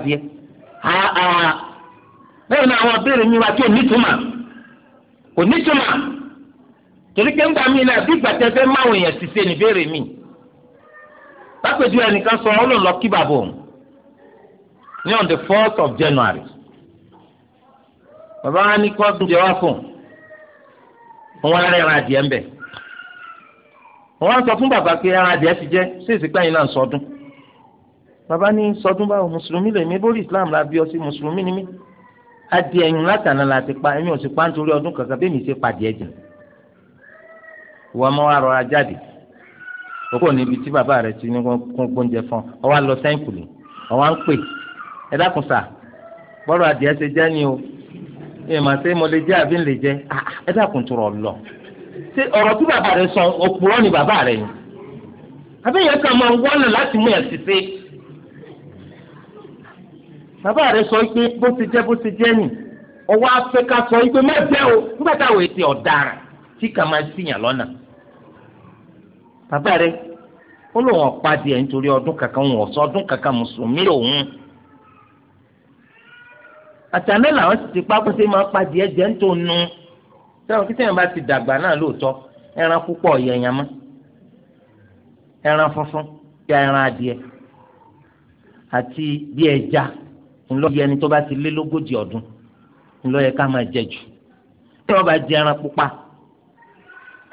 àwọn abéèrè mi wá tí ò ní kò ní torí pé mi náà bí lápẹjù ẹnìkan sọ ọ lòun lọ kí bàbá òun ní on the fourth of January bàbá wa ní kí wọn gbé wá fún un wọn rẹ ra adìẹ ńbẹ wọn sọ fún bàbá pé ara adìẹ ti jẹ sí ìsìnkpẹyìn náà sọdún bàbá ní sọdún báwo mùsùlùmí lèmi bórí Islam la bí ọ sí mùsùlùmí ni mí adìẹ ẹyìn látàná la ti pa èmi ò sì pa nítorí ọdún kankan bẹ́ẹ̀ mi ṣe pa adìẹ jìn wọ́n mọ́ wa rọra jáde òkú níbi tí bàbá rẹ ti ní kó gbóúnjẹ fún ọ wá lọ sẹ́ńkùlì ọ wá ń pè ẹ dákun sà bọ́rọ̀ adìẹ ṣe jẹ́ ni o ẹ mà ṣe mo lè jẹ́ àbí ń lè jẹ́ ẹ dákun tó rọ̀ lọ. ṣé ọ̀rọ̀ tí bàbá rẹ sọ òpùrọ̀ ni bàbá rẹ yìí àbẹ́yẹn kan máa wọ́nà láti mú ẹ̀ ṣiṣẹ́. bàbá rẹ sọ pé bó ti jẹ́ bó ti jẹ́ nì ọwọ́ afẹ́ká sọ pé má jẹ́ o nígbà táwọn èsì ọ̀daràn tí kà máa ń ṣìyàn lọ́nà bàbá rẹ ó lóun ọ̀pá díẹ̀ nítorí ọdún kankan òun ọ̀sọ́ ọdún kankan mùsùlùmí òun àtàná làwọn sì ti pákó sí máa pa díẹ̀ jẹ́ ń tó nu sẹ́wọ̀n kí sẹ́yìn bá ti dàgbà náà lóòótọ́ ẹran púpọ̀ yẹ̀yàn mọ́ ẹran funfun bí ẹran adìẹ àti bí ẹja ńlọ yẹ ẹni tó bá ti lé lógójì ọdún ńlọ yẹ ká máa jẹ jù tí wọ́n bá jẹ ẹran pupa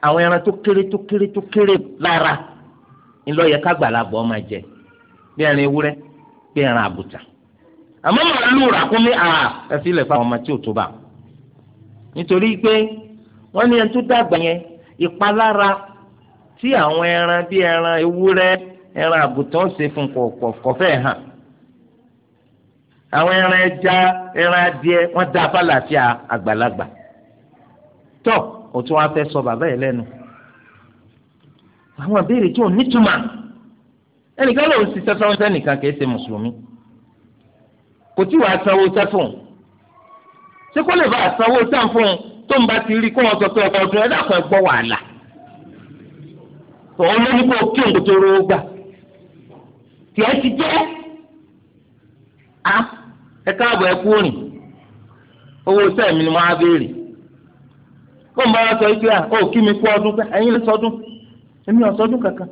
àwọn ẹran tó kéré tó kéré tó kéré lára ńlọyẹ kágbàlagbọ máa jẹ bí ẹran ewúrẹ bí ẹran àbùtà à ẹfí ọmọ tí ò tó bá nítorí pé wọn ní ẹni tó dàgbà yẹn ìpalára tí àwọn ẹran bí ẹran ewúrẹ fún hàn àwọn ẹran ẹja wọn dá abala àgbàlagbà o tún wá fẹ́ sọ bàbá yẹn lẹ́nu àwọn ìbéèrè tí ò nítumà ẹnìkan lòun ti sẹ́fẹ́ wọn sẹ́nìkan kì í mùsùlùmí kò tí wàá sanwó sẹ́fún ṣé kó lè bá sanwó sẹ́fún tó ń bá ti rí kó wọn sọ pé ọdún ẹ̀dá kan gbọ́ wàhálà ti jẹ́ a ẹ káàbọ̀ ẹ kú òrìn owó ni wọ́n kó n bá wọn sọ ike à ó kí mi kú ọdún pé ẹ̀yin lè sọdún èmi ò sọdún kankan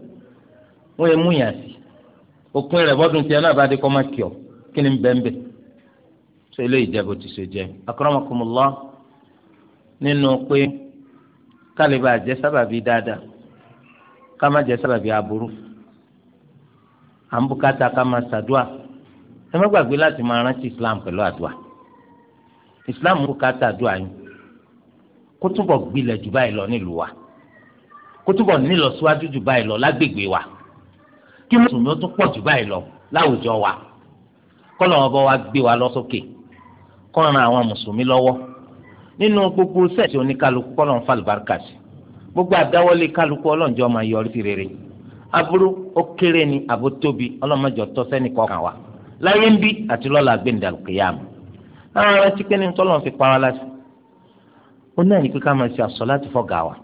wọn yẹ mú yàn sí òpin rẹ̀ bọ́dún tiẹ̀ náà bá dé kọ́ má kí ọ kí ni bẹ́ẹ̀ bẹ́ẹ̀ sọ eléyìí jẹ́ bó ti ṣe jẹ́ akramakumullah nínú pé kálíbà jẹ́ sábàbí dáadáa ká má jẹ́ sábàbí aburú à ń bùkátà ká máa ṣàdúà ẹ má gbàgbé láti máa rántí islam pẹ̀lú àdúà islam bùkátà àdúà yìí kotubo túbọ̀ gbilẹ̀ jù báyìí lọ nílùú wa kó nílọsíwájú jù báyìí lọ lágbègbè wa kí mùsùlùmí ó tún pọ̀ jù báyìí wa ọba wa gbé wa lọ sókè àwọn mùsùlùmí lọ́wọ́ nínú gbogbo sẹ́ẹ̀tì oníkálukú kọ́lọ̀ sí gbogbo kálukú ọlọ́njọ́ máa yọrí rere aburú ó kéré ni àbó tóbi ọlọ́mọdé ọ̀tọ́ sẹ́ni wa láyé ń bí àti lọ́la gbẹ̀ndàlùkìyàmù ará tọ́lọ́ fi ó náà ní pé ká máa ṣe àsọ̀láàtì fọ́gà wa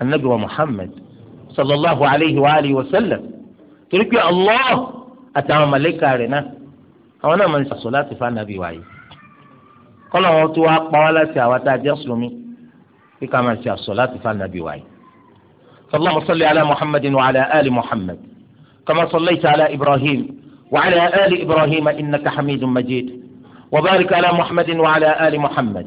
anabi wa muhammed sallallahu alayhi wa alihi wa sallam torí pé allah àtàwọn màlẹ́kà rẹ̀ náà àwọn náà máa ń ṣe àsọ̀láàtì fún anabi wa yìí kọ́lọ̀ wọn tó wá pa wá láti àwa tá a jẹ́ sùnmi pé ká máa ṣe àsọ̀láàtì fún anabi wa yìí sallallahu salli ala muhammadin wa ala ali muhammad kama sallaita ala ibrahim wa ala ali ibrahim innaka hamidun majid wa barik ala muhammadin wa ala ali muhammad.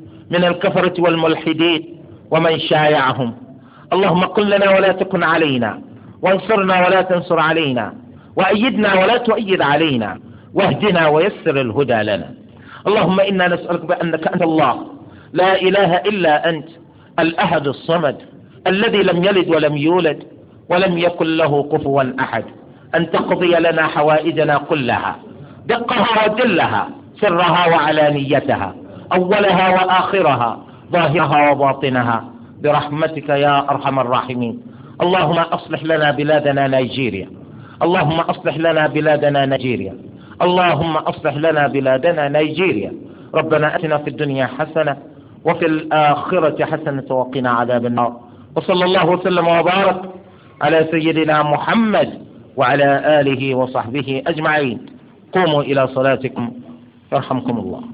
من الكفرة والملحدين ومن شايعهم اللهم قل لنا ولا تكن علينا وانصرنا ولا تنصر علينا وأيدنا ولا تؤيد علينا واهدنا ويسر الهدى لنا اللهم إنا نسألك بأنك أنت الله لا إله إلا أنت الأحد الصمد الذي لم يلد ولم يولد ولم يكن له كفوا أحد أن تقضي لنا حوائجنا كلها دقها وجلها سرها وعلانيتها أولها وآخرها ظاهرها وباطنها برحمتك يا أرحم الراحمين اللهم أصلح لنا بلادنا نيجيريا اللهم أصلح لنا بلادنا نيجيريا اللهم أصلح لنا بلادنا نيجيريا ربنا أتنا في الدنيا حسنة وفي الآخرة حسنة وقنا عذاب النار وصلى الله وسلم وبارك على سيدنا محمد وعلى آله وصحبه أجمعين قوموا إلى صلاتكم يرحمكم الله